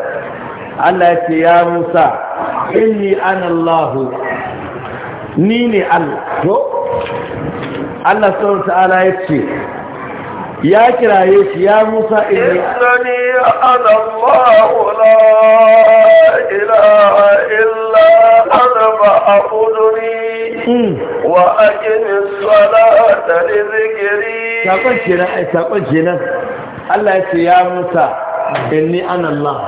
Allah ya ce ya Musa inni ana Allah ni ne Allah to Allah subhanahu wa ta'ala ya ce ya kiraye shi ya musa inni innani ana allahu la ilaha illa ana fa'buduni hmm. wa aqimis salata li dhikri sakon kenan ai sakon kenan Allah ya ce ya musa inni ana allah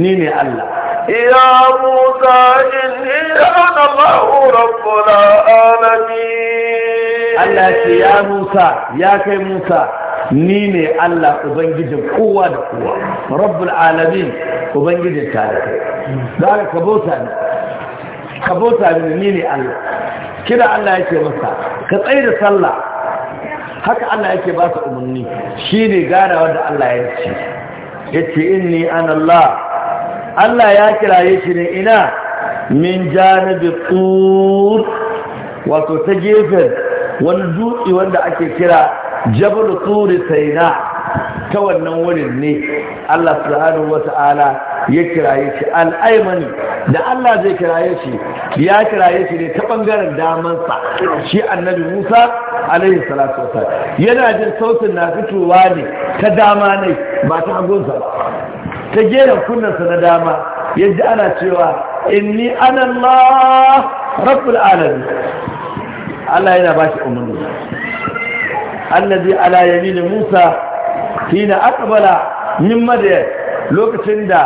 ni ne allah يا موسى إني أنا الله رب العالمين الله يا موسى يا كي ni ne Allah Ubangijin kowa da kowa, Rabbul Alamin Ubangijin Za ka kabota ne, kabota ni ne Allah. Kira Allah yake masa, ka tsaye da sallah, haka Allah yake basa umarni, shi ne ganawa da Allah ya ce, ya ce inni an Allah Allah ya kiraye shi ne ina min janibi tur wato ta gefen wani dutse wanda ake kira jabal turi saina ta wannan wurin ne Allah subhanahu wata'ala ya kiraye shi al'aimani da Allah zai kiraye shi ya kiraye shi ne ta bangaren sa, shi annabi Musa alaihi salatu wasallam yana jin sautin na fitowa ne ta dama ne ba ta hagunsa ba ta gera sa na dama yadda ana cewa inni ana Allah rabbul alamin Allah yana bashi umarni allazi ala yamin Musa hina akbala min Madyan lokacin da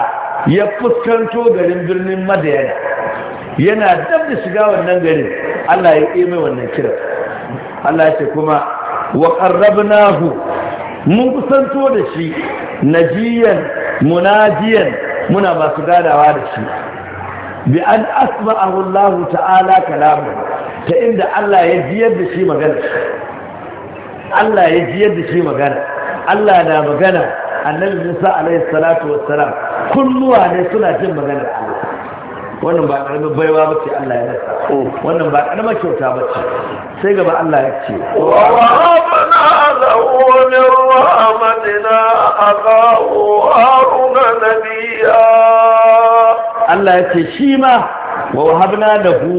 ya fuskanto garin birnin Madyan yana dab da shiga wannan garin Allah ya yi mai wannan kira Allah ya ce kuma wa qarrabnahu mun kusanto da shi najiyan munajiyan muna masu ganawa da shi bi an asma'ahu Allah ta'ala kalamu ta inda Allah ya jiyar da shi magana Allah ya jiyar da shi magana Allah na magana annabi Musa alaihi salatu wassalam kunnuwa ne suna jin magana wannan ba karamin baiwa ba ce Allah ya nasa wannan ba karamin kyauta ba ce sai gaba Allah ya ce wa rabbana lahu min rahmatina akahu haruna nabiya Allah ya ce shi ma wa wahabna lahu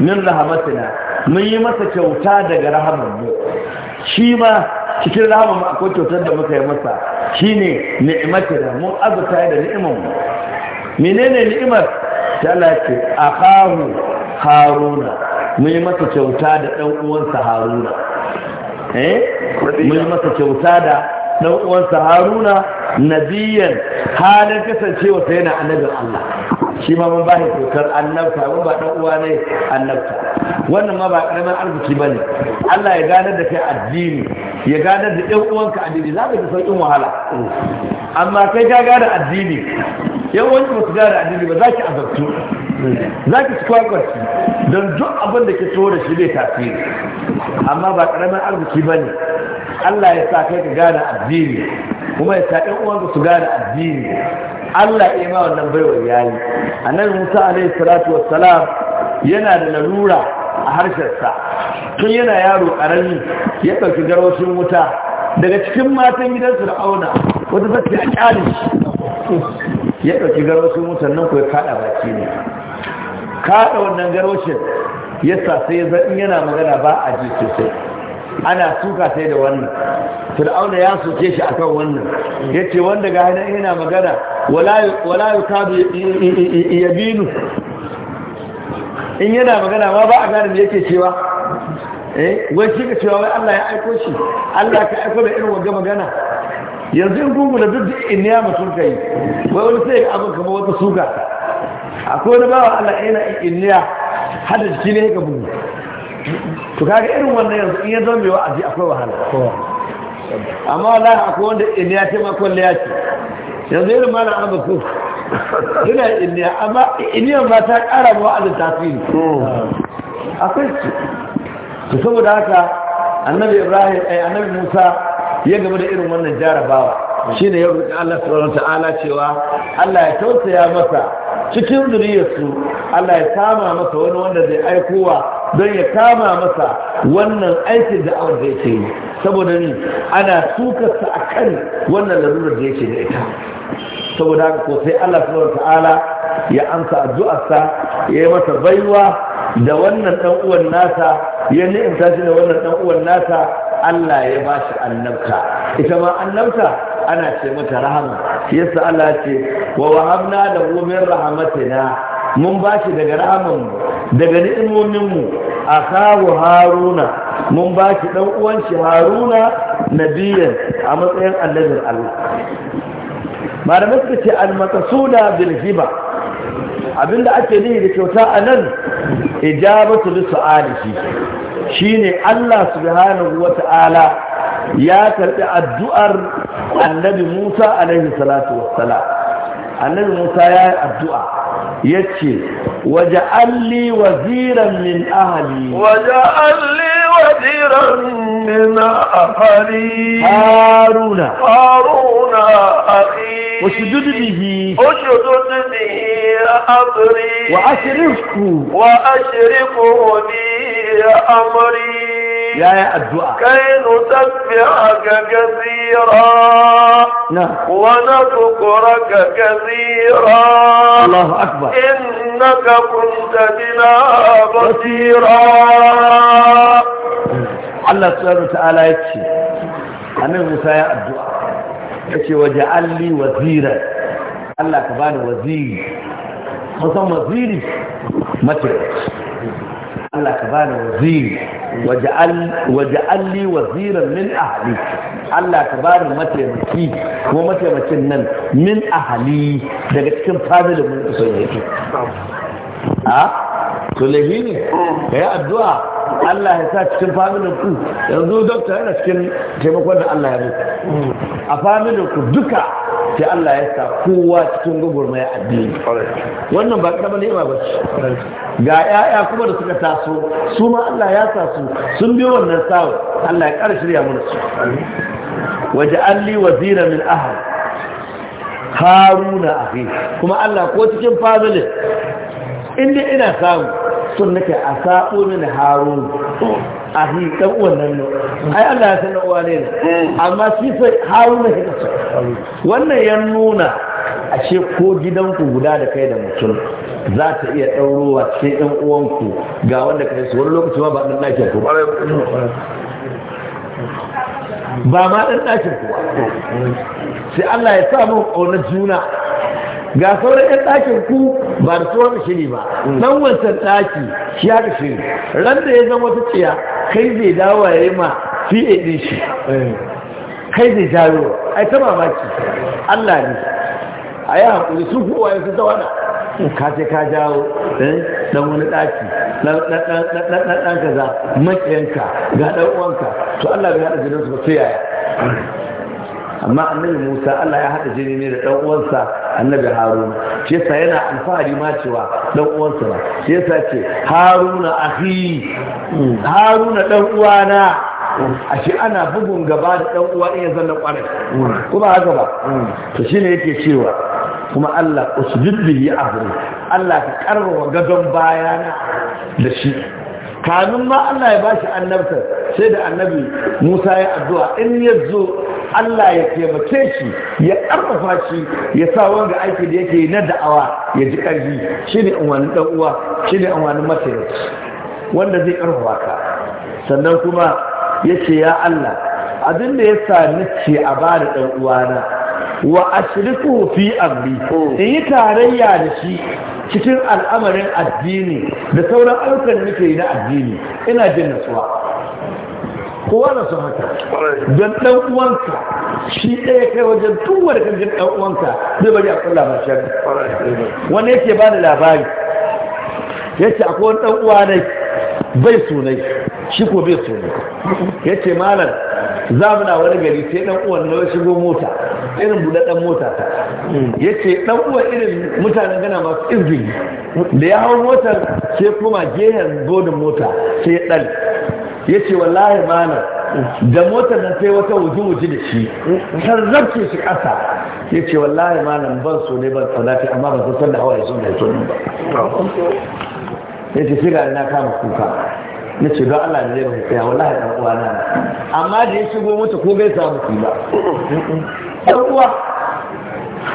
min rahmatina mun yi masa kyauta daga rahamar mu shi ma cikin rahamar mu akwai kyautar da muka yi masa shine ni'imatina mun azuta da ni'imar mu menene ni'imar tana ce a haru haruna mun yi masa kyauta da ɗan uwansa haruna eh mai masa kyauta da ɗan haruna nabiyan halin kasancewa sai yana annabin Allah shi ma mun bashi kyautar annabta mun ba ɗan uwa ne annabta wannan ma ba ƙaramin arziki ba ne Allah ya ganar da kai addini ya ganar da ɗan uwanka addini za ka ji sauƙin wahala amma kai ka gane addini yawanci ba su gane addini ba za ki azabtu za ki kwakwarci don duk abin da ke so da shi bai tasiri amma ba karamin arziki ba ne Allah ya sa kai ka gane addini kuma ya sa ɗan uwanka su gane addini Allah ya ma wannan baiwa yayi annabi Musa alaihi salatu wassalam yana da larura a harshen sa tun yana yaro karami ya ɗauki garwashin wuta daga cikin matan gidansu da auna wata zafi a ƙyale ya ɗauki garwashin mutanen ku ya kaɗa baki ne kaɗa wannan garwashin ya sa sai in yana magana ba a ji sosai ana suka sai da wannan fir'auna ya soke shi akan wannan ya ce wanda ga hannun yana magana wala yi kadu ya binu in yana magana ma ba a gane da yake cewa eh wai shi ka cewa wai Allah ya aiko shi Allah ka aiko da irin wanga magana yanzu in gungu da duk in ya mutum kai wai wani sai ga abin kama wata suka akwai wani bawa Allah ina in ya hada jiki ne ga bugu to kaga irin wannan yanzu in ya zama mai wa'azi akwai wahala amma a akwai wanda in ya ce makon da ce yanzu irin mana an ba su ina in niya amma in ya ba ta kara ma wa'azin tasiri akwai su to saboda haka annabi ibrahim eh, annabi musa ya gaba da irin wannan jarabawa shine ya rufe Allah subhanahu ta'ala cewa Allah ya tausaya masa cikin zuriyarsu Allah ya kama masa wani wanda zai aikowa don ya kama masa wannan aikin da awar da yake yi saboda ni ana tukarsa a kan wannan lalurar da yake da ita saboda haka ko sai Allah subhanahu ta'ala ya amsa addu'arsa ya yi masa baiwa da wannan dan uwan nasa ya ni'imta tashi da wannan dan uwan nasa Allah ya ba shi annabta ita ma annabta ana ce mata rahama yasa Allah ce wa wahabna da min rahmatina mun ba shi daga rahaman mu daga ni'imomin mu akahu haruna mun ba shi dan uwan shi haruna nabiyan a matsayin annabin Allah malamai suka ce al-maqsuda bil hiba abinda ake nihi da kyauta a nan ijabatu li Shi ne Allah subhanahu Ta'ala ya karɓi addu'ar annabi Musa alaihi salatu wassalam annabi Musa ya yi addu'a yace waja'al li waziran min ahli waja'al li waziran min ahli haruna haruna akhi وشدد به وشدد به أمري وأشركه وأشركه بي أمري يا يا الدعاء كي نسبحك كثيرا نعم ونذكرك كثيرا الله أكبر إنك كنت بنا بصيرا الله سبحانه وتعالى يكشي أنا موسى يا الدعاء يكشي وجعل لي وزيرا الله كبان وزير خصم وزيري ما متى Allah ka bani waziri waja'al waziran min ahli Allah ka bani mataimaki ko mataimakin nan min ahli daga cikin family mun kusa yake a ah? to laifi ne ka yi addu'a Allah ya sa cikin familin ku yanzu dokta yana cikin taimakon da Allah ya muku a familin ku duka sai Allah ya sa kowa cikin gwagwarmaya addini wannan ba kama ne ba ce ga 'ya'ya kuma da suka taso su ma Allah ya sa su sun biyo wannan sawo Allah ya ƙara shirya mana su waje alli wazira min ahal haruna ahi kuma Allah ko cikin familin inda ina samu sun nake a sa'o min Haru, a fi dan wannan ne ai Allah ya sanar wa ne eh. amma shi sai harun ne kake wannan ya nuna ce ko gidanku guda da kai da mutum za ta iya ɗaurowa cikin ɗan uwanku ga wanda kai su wani lokaci ba ɗan ɗakin ku ba ma ɗan ɗakin ku sai Allah ya sa mun ƙaunar juna ga sauran yan ɗakin ku ba da tsohon shiri ba dan mm. wancan ɗaki shi haka shiri ran da ya zama wata tsiya kai zai dawo ya yi ma fiye ɗin shi eh. kai zai jawo ai ta mamaki Allah ne a yi haƙuri su kowa ya zawa ka ce ka jawo dan eh, wani ɗaki ɗan kaza maƙiyanka ga ɗan uwanka to Allah bai haɗa su ba sai yaya eh. amma annabi Musa Allah ya haɗa jini ne da ɗan uwansa annabi Haruna shi yasa yana alfahari ma cewa ɗan uwansa ba shi yasa ce Haruna akhi Haruna ɗan uwana ashe ana bugun gaba da ɗan uwa ɗaya zanna ƙwarai kuma haka ba to shine yake cewa kuma Allah usjud bihi ahru Allah ka karwa gadon bayana da shi kanun ma Allah ya bashi annabta sai da annabi Musa ya addu'a in yazo Allah ya taimake shi ya ƙarfafa shi ya sa wanda aiki da yake na da'awa ya ji ƙarfi ne umarnin ɗan uwa ne umarnin masayaci wanda zai ƙarfafa ka sannan kuma ya ce ya Allah abin da ya sa nace a ba da uwa na. wa ashriku fi amri in yi tarayya da shi cikin al'amarin addini da sauran ayyukan da nake yi na addini ina jin natsuwa kowa na son haka don ɗan uwanka shi ɗaya kai wajen tuwa da kanjin ɗan uwanka zai bari a kulla mai shari wani yake ba da labari ce akwai wani ɗan uwa ne bai sunai shi ko bai sunai ce malam za mu na wani gari sai ɗan uwan na shigo mota irin ɗan mota ta ce ɗan uwan irin mutanen gana masu izini da ya hau motar sai kuma gehen godin mota sai ya ɗale ya ce wallahi malam da motar na sai wata wuji-wuji da shi kan zarce shi ƙasa ya ce wallahi malam ban so ne ban tsanati amma ba san da hawa ya so da ya so ba ya ce sai na kama kuka ya ce don Allah ne zai tsaya wallahi ɗan uwa na amma da ya shigo mutu ko bai samu fi ba ɗan uwa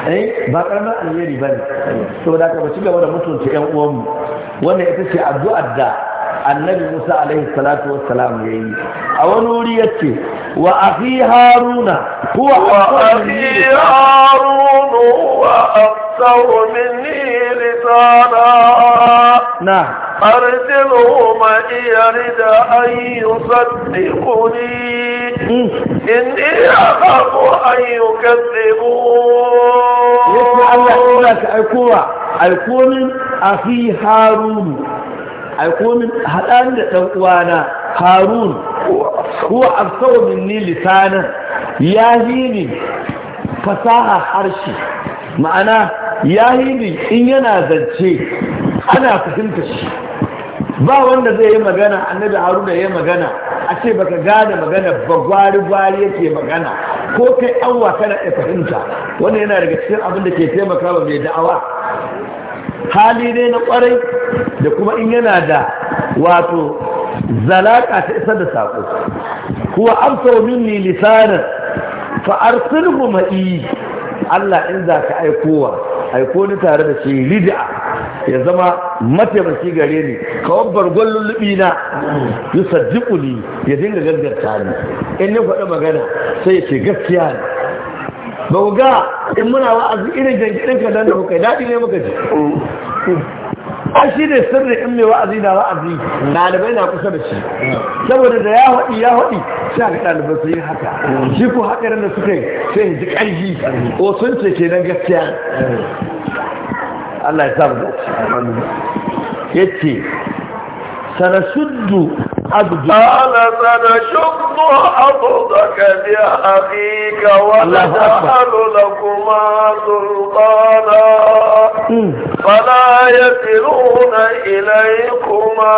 eh ba karamar alheri ba ne saboda ka ba ci gaba da mutunci ƴan uwanmu wannan ita ce addu'ar da annabi musa alaihi salatu wassalam ya yi a wani wuri ya ce wa afi haruna huwa wa afi haruna wa aksaru minni lisana na arjilu ma iya rida an yusaddiquni inni akhafu an yukadzibun yace Allah ina ka aikowa aikomin afi haruna ai komin haɗan da ɗan uwana harun ko afsawa minni lisanan ya ni fasaha harshe ma'ana ya in yana zance ana fahimta shi ba wanda zai yi magana annabi haruna ya magana a ce baka gane magana ba gwari gwari yake magana ko kai an kana da fahimta wannan yana daga cikin abin da ke taimaka wa mai da'awa hali ne na kwarai da kuma in yana da wato zalaka ta isar da saƙo kuwa amsa minni lisanan fa arsilhu ma'i Allah in za ka aikowa aiko ni tare da shi lid'a ya zama mataimaki gare ni kawai bargon lullubi na yusaddiquni ya dinga gaggarta ni in ni faɗi magana sai ya ce gaskiya ne ba ku ga in muna wa'azi irin jankirin ka dan da kuka daɗi ne muka ji a shi ne sirri in mai wa'azi na wa'azi ɗalibai na kusa da shi saboda da ya haɗi ya haɗi sha ga ɗalibai su yi haka shi ko haƙarin da suka yi sai ji ƙarfi ko sun ce ke nan gaskiya Allah ya samu da ya ce shuddu. أبدي قال سنشد حفظك بأخيك ونجعل لكما سلطانا فلا يصلون إليكما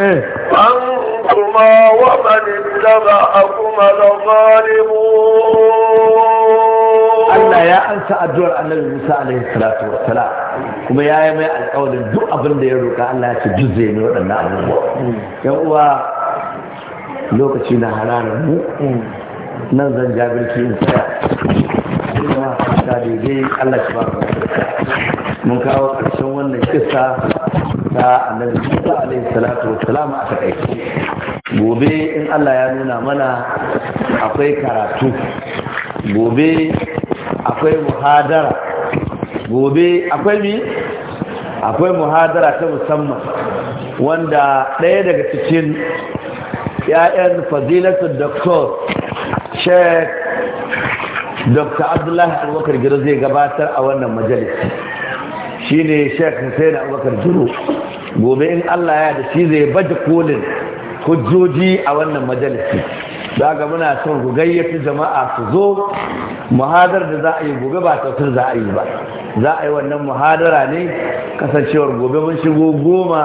إيه. أنتما ومن اتبعكما الغالبون Allah ya ansa addu'ar annabi Musa alaihi salatu wassalam kuma yayi mai alƙawarin duk abin da ya roka Allah ya ci duk zai ne waɗannan abubuwa yan uwa lokaci na hararar mu nan zan ja birki in tsaya ina ta daidai Allah shi ba mun kawo ƙarshen wannan kissa ta annabi Musa alaihi salatu wassalam a takaice gobe in Allah ya nuna mana akwai karatu gobe akwai muhadara gobe akwai mi akwai muhadara ta musamman wanda ɗaya daga cikin ‘ya'yan fazilatu doktor sheik dr abdullahi abubakar giro zai gabatar a wannan majalis shi ne sheik hussein abubakar giro gobe in allah ya da shi zai baje kolin hujjoji a wannan majalisi za ga muna son ku gayyata jama'a su zo muhadar da za a yi gobe ba tafsir za a yi ba za a yi wannan muhadara ne kasancewar gobe mun shigo goma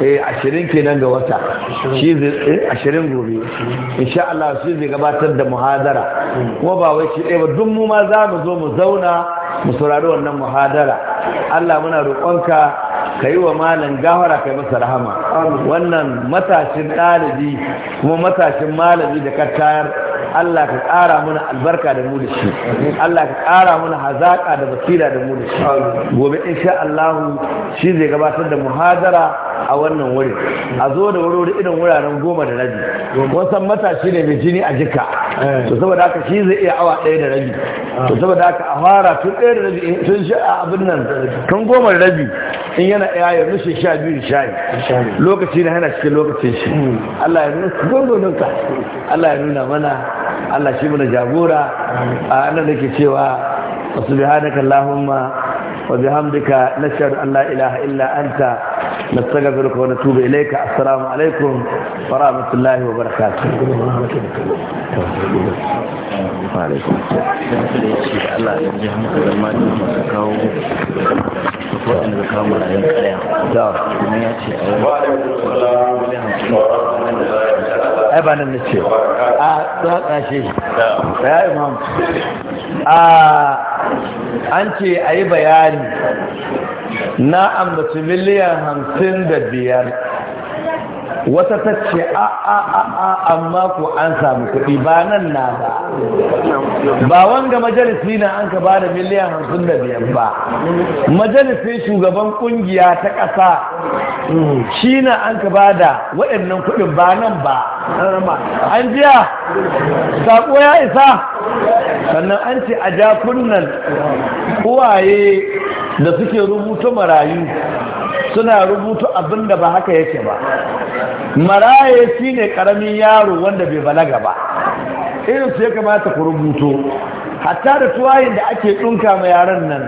eh, ashirin kenan ga wata eh, ashirin gobe insha Allah shi zai gabatar da muhadara kuma ba wai shi ɗaya ba duk mu ma za mu zo mu zauna mu saurari wannan muhadara Allah muna roƙonka ka yi wa malin gafara kai masa rahama wannan matashin ɗalibi kuma matashin malami da ka tayar Allah ka ƙara mana albarka da mu da shi Allah ka ƙara mana hazaƙa da basira da mu da shi gobe insha Allah shi zai gabatar da muhadara a wannan wurin a zo da wuri irin wuraren goma da rabi mun san matashi ne mai jini a jika eh. to saboda haka shi zai iya awa ɗaya da rabi ah. to saboda haka a fara tun ɗaya da rabi eh, tun shi a abin nan tun goma da rabi in yana iya yanzu rushe sha biyu da sha lokaci na yana cikin lokacin shi hmm. Allah ya nuna ka Allah ya nuna mana Allah shi mana jagora a nan da ke cewa wasu bihanaka Allahumma وبحمدك نشهد أن لا إله إلا أنت نستغفرك ونتوب إليك السلام عليكم ورحمة الله mu da mallaka ko Allah ya ji mu da mallaka. Ai ba nan ne ce. A da kashi. Da. Ai mam. A an ce a yi bayani na ambaci miliyan hamsin da biyar wata ta ce a a a a amma ku an samu kuɗi ba nan na ba ba wanga majalisi na an ka ba da miliyan hamsin da biyar ba majalisi shugaban kungiya ta ƙasa shi na an ka ba da waɗannan kuɗin ba nan ba an jiya saƙo ya isa sannan an ce a jakunan uwaye da suke rubuta marayu suna rubuta abin da ba haka yake ba maraye shi ne ƙaramin yaro wanda bai balaga ba irin su ya kamata ku rubuto hatta da tuwayin da ake ɗunka ma yaran nan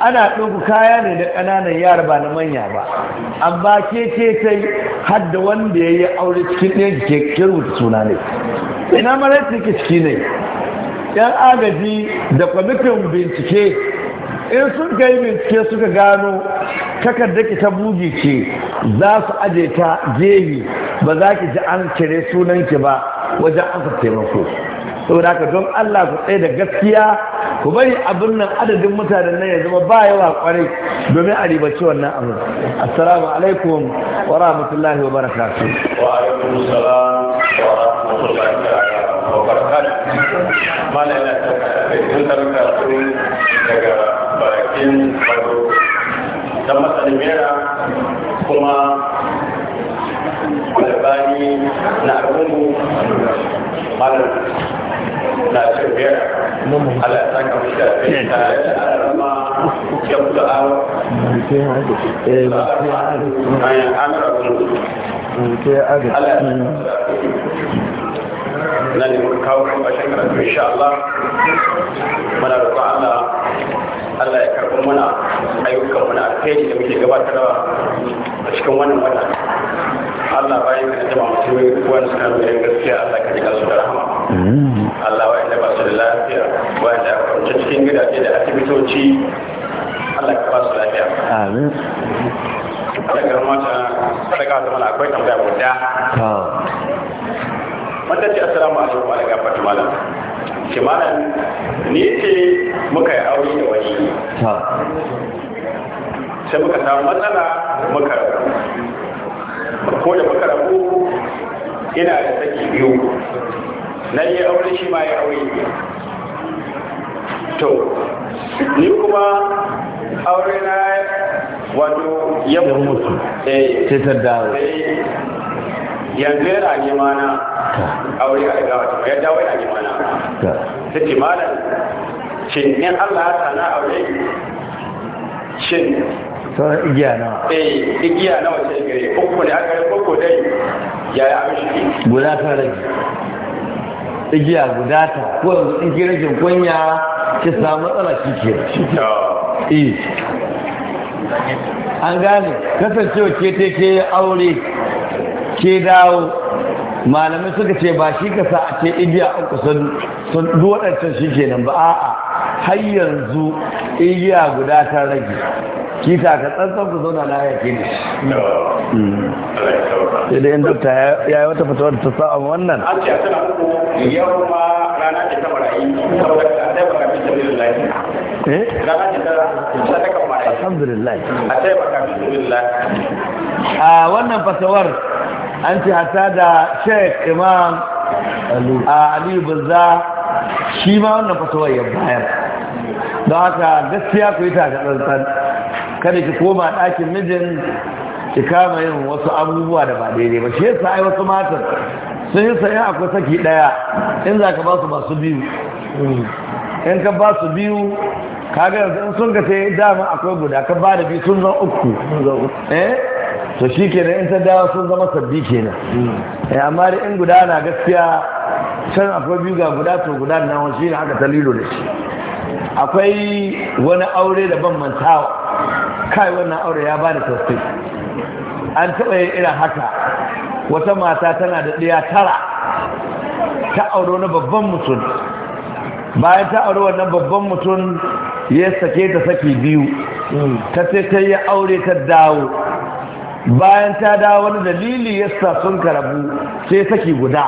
ana ɗauku kaya ne da ƙananan yara ba na manya ba amma ke ce sai hadda wanda ya yi aure cikin ɗaya ke rubuta suna ne ina marar ke ciki ne 'yan agaji da kwamitin bincike in sun kai bincike suka gano ki ta buji ce za su aje ta jehi ba za ki ji an sunan ki ba wajen an taimako saboda haka don Allah ku tsaye da gaskiya ku bari abin nan adadin mutanen nan ya zama ba yawa kwarai domin a ribaci wannan abu assalamu alaikum wa rahmatullahi wa barakatuh wa alaikum salam wa rahmatullahi wa barakatuh mana yana sun taruka daga bakin wato don matsalin mera kuma albani na arhunu malar na cin mera ala ta kamar da ta rama ya kuta awa na ne muka kawo a shi karatu insha Allah da roƙon Allah Allah ya karɓi muna ayyukan muna alheri da muke gabatarwa a cikin wannan wata Allah bayan ka jama musulmi wani suka nuna gaskiya Allah ka jika su da rahama Allah wa inda ba su da lafiya wa inda aka kwanci cikin gidaje da asibitoci Allah ka ba su lafiya amin Allah ka ramata sadaka ta akwai tambaya guda mata ce assalamu alaikum wa daga fatu malam ce malam ni ce muka yi aure da wani sai muka samu matsala muka rabu ko da muka rabu ina da saki biyu na yi aure shi ma ya aure to ni kuma aure na wato ya mutu eh. sai ta dawo eh. yanzu yana nema na aure a gawa ta ya dawo yana gimana ta ce malam shin ne allah ya sana aure shin sauran igiya nawa eh igiya nawa ce gare uku ne aka yi uku dai ya yi abin shi guda ta rage igiya guda ta ko yanzu in ki rage kunya ki samu matsala shi ke eh. an gane kasancewa ke te ke aure ke dawo malamai suka ce ba shi ka sa a ce igiya uku sun duwadancan shi kenan ba a'a har yanzu igiya guda ta rage kita ka tsantsan ku zauna na yake ne shi da yin dokta ya yi wata fitowar ta sa wannan an ce a tana uku yau ma rana ce ta eh? ta ta a wannan fasawar an ce hata da sheik imam ali buzza shi ma wannan fatawar ya bayar don haka gaskiya ku yi takatsantsan kada ki koma ɗakin mijin ki kama yin wasu abubuwa da ba daidai ba shi yasa ai wasu matan sun yi sayan akwai saki ɗaya in za ka ba su masu biyu in ka ba su biyu kaga yanzu in sun ka sai dama akwai guda ka ba da biyu sun zan uku eh to shi kenan in ta dawo sun zama sabbi kenan eh, amma da in guda na gaskiya can akwai biyu ga guda to guda na wani shi ne haka ta da shi akwai wani aure da ban mantawa kai wannan aure ya bani tausayi an taɓa yin irin haka wata mata tana da ɗaya tara ta aure wani babban mutum bayan ta aure wannan babban mutum ya sake ta saki biyu mm. ta sai ta yi aure ta dawo bayan ta da wani dalili sa sun karabu sai saki guda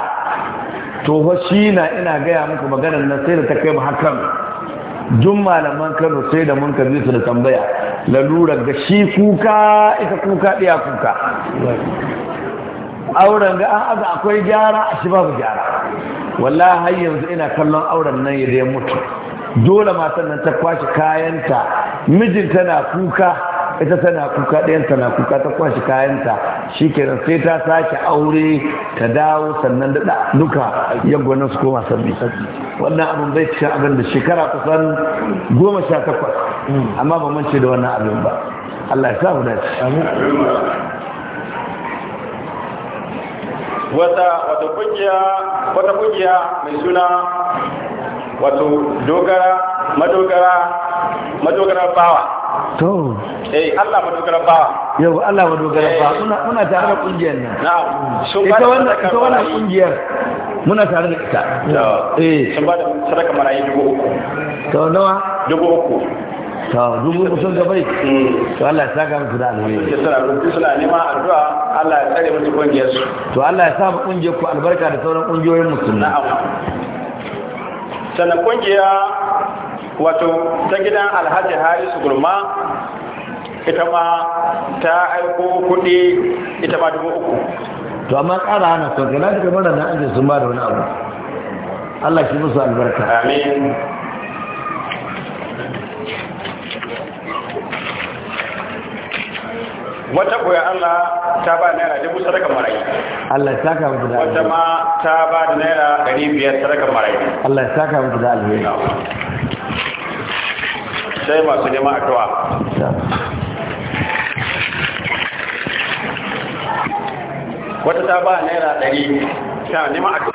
to fa shi na ina gaya muku maganar nan sai da ta kai mu hakan duk malaman Kano sai da mun karbi su da tambaya lalurar ga shi kuka ita kuka ɗaya kuka auren ga an aza akwai gyara a shi babu gyara wallahi har yanzu ina kallon auren nan ya mutu dole matan nan ta kwashi kayanta mijin tana kuka ita tana kuka ɗayan tana kuka ta kwashi kayanta shi kenan sai ta sake aure ta dawo sannan da duka ya gwanin su koma sabbi wannan abin bai cikin abin da shekara kusan goma sha takwas amma ba mance da wannan abin ba Allah ya sa dace wata wata kungiya mai suna wato dogara madogara madogara bawa to eh Allah madogara bawa yau Allah madogara bawa eh. muna muna tare da kungiyar nan na'am da wannan ita wannan kungiyar muna tare da ita eh sun ba da sadaka marayi dubu uku to nawa dubu uku to dubu kusan gabai hmm. to Allah ya saka muku da alheri suna neman addu'a Allah ya tsare musu kungiyar su to Allah ya sa mu kungiyar ku albarka da sauran kungiyoyin musulmi na'am sannan kungiya wato ta gidan alhaji harisu gurma ita ma ta aiko kudi ita ma dubu uku to amma ƙara hana son na shiga mara na ajiye sun ba da wani abu Allah shi musu albarka amin wata koya Allah ta ba naira dubu sadaka marayi Allah ya saka miki da wata ma ta ba da naira ɗari biyar sadaka marayi Allah ya saka miki da alheri sai masu neman addu'a wata ta ba naira ɗari ta neman addu'a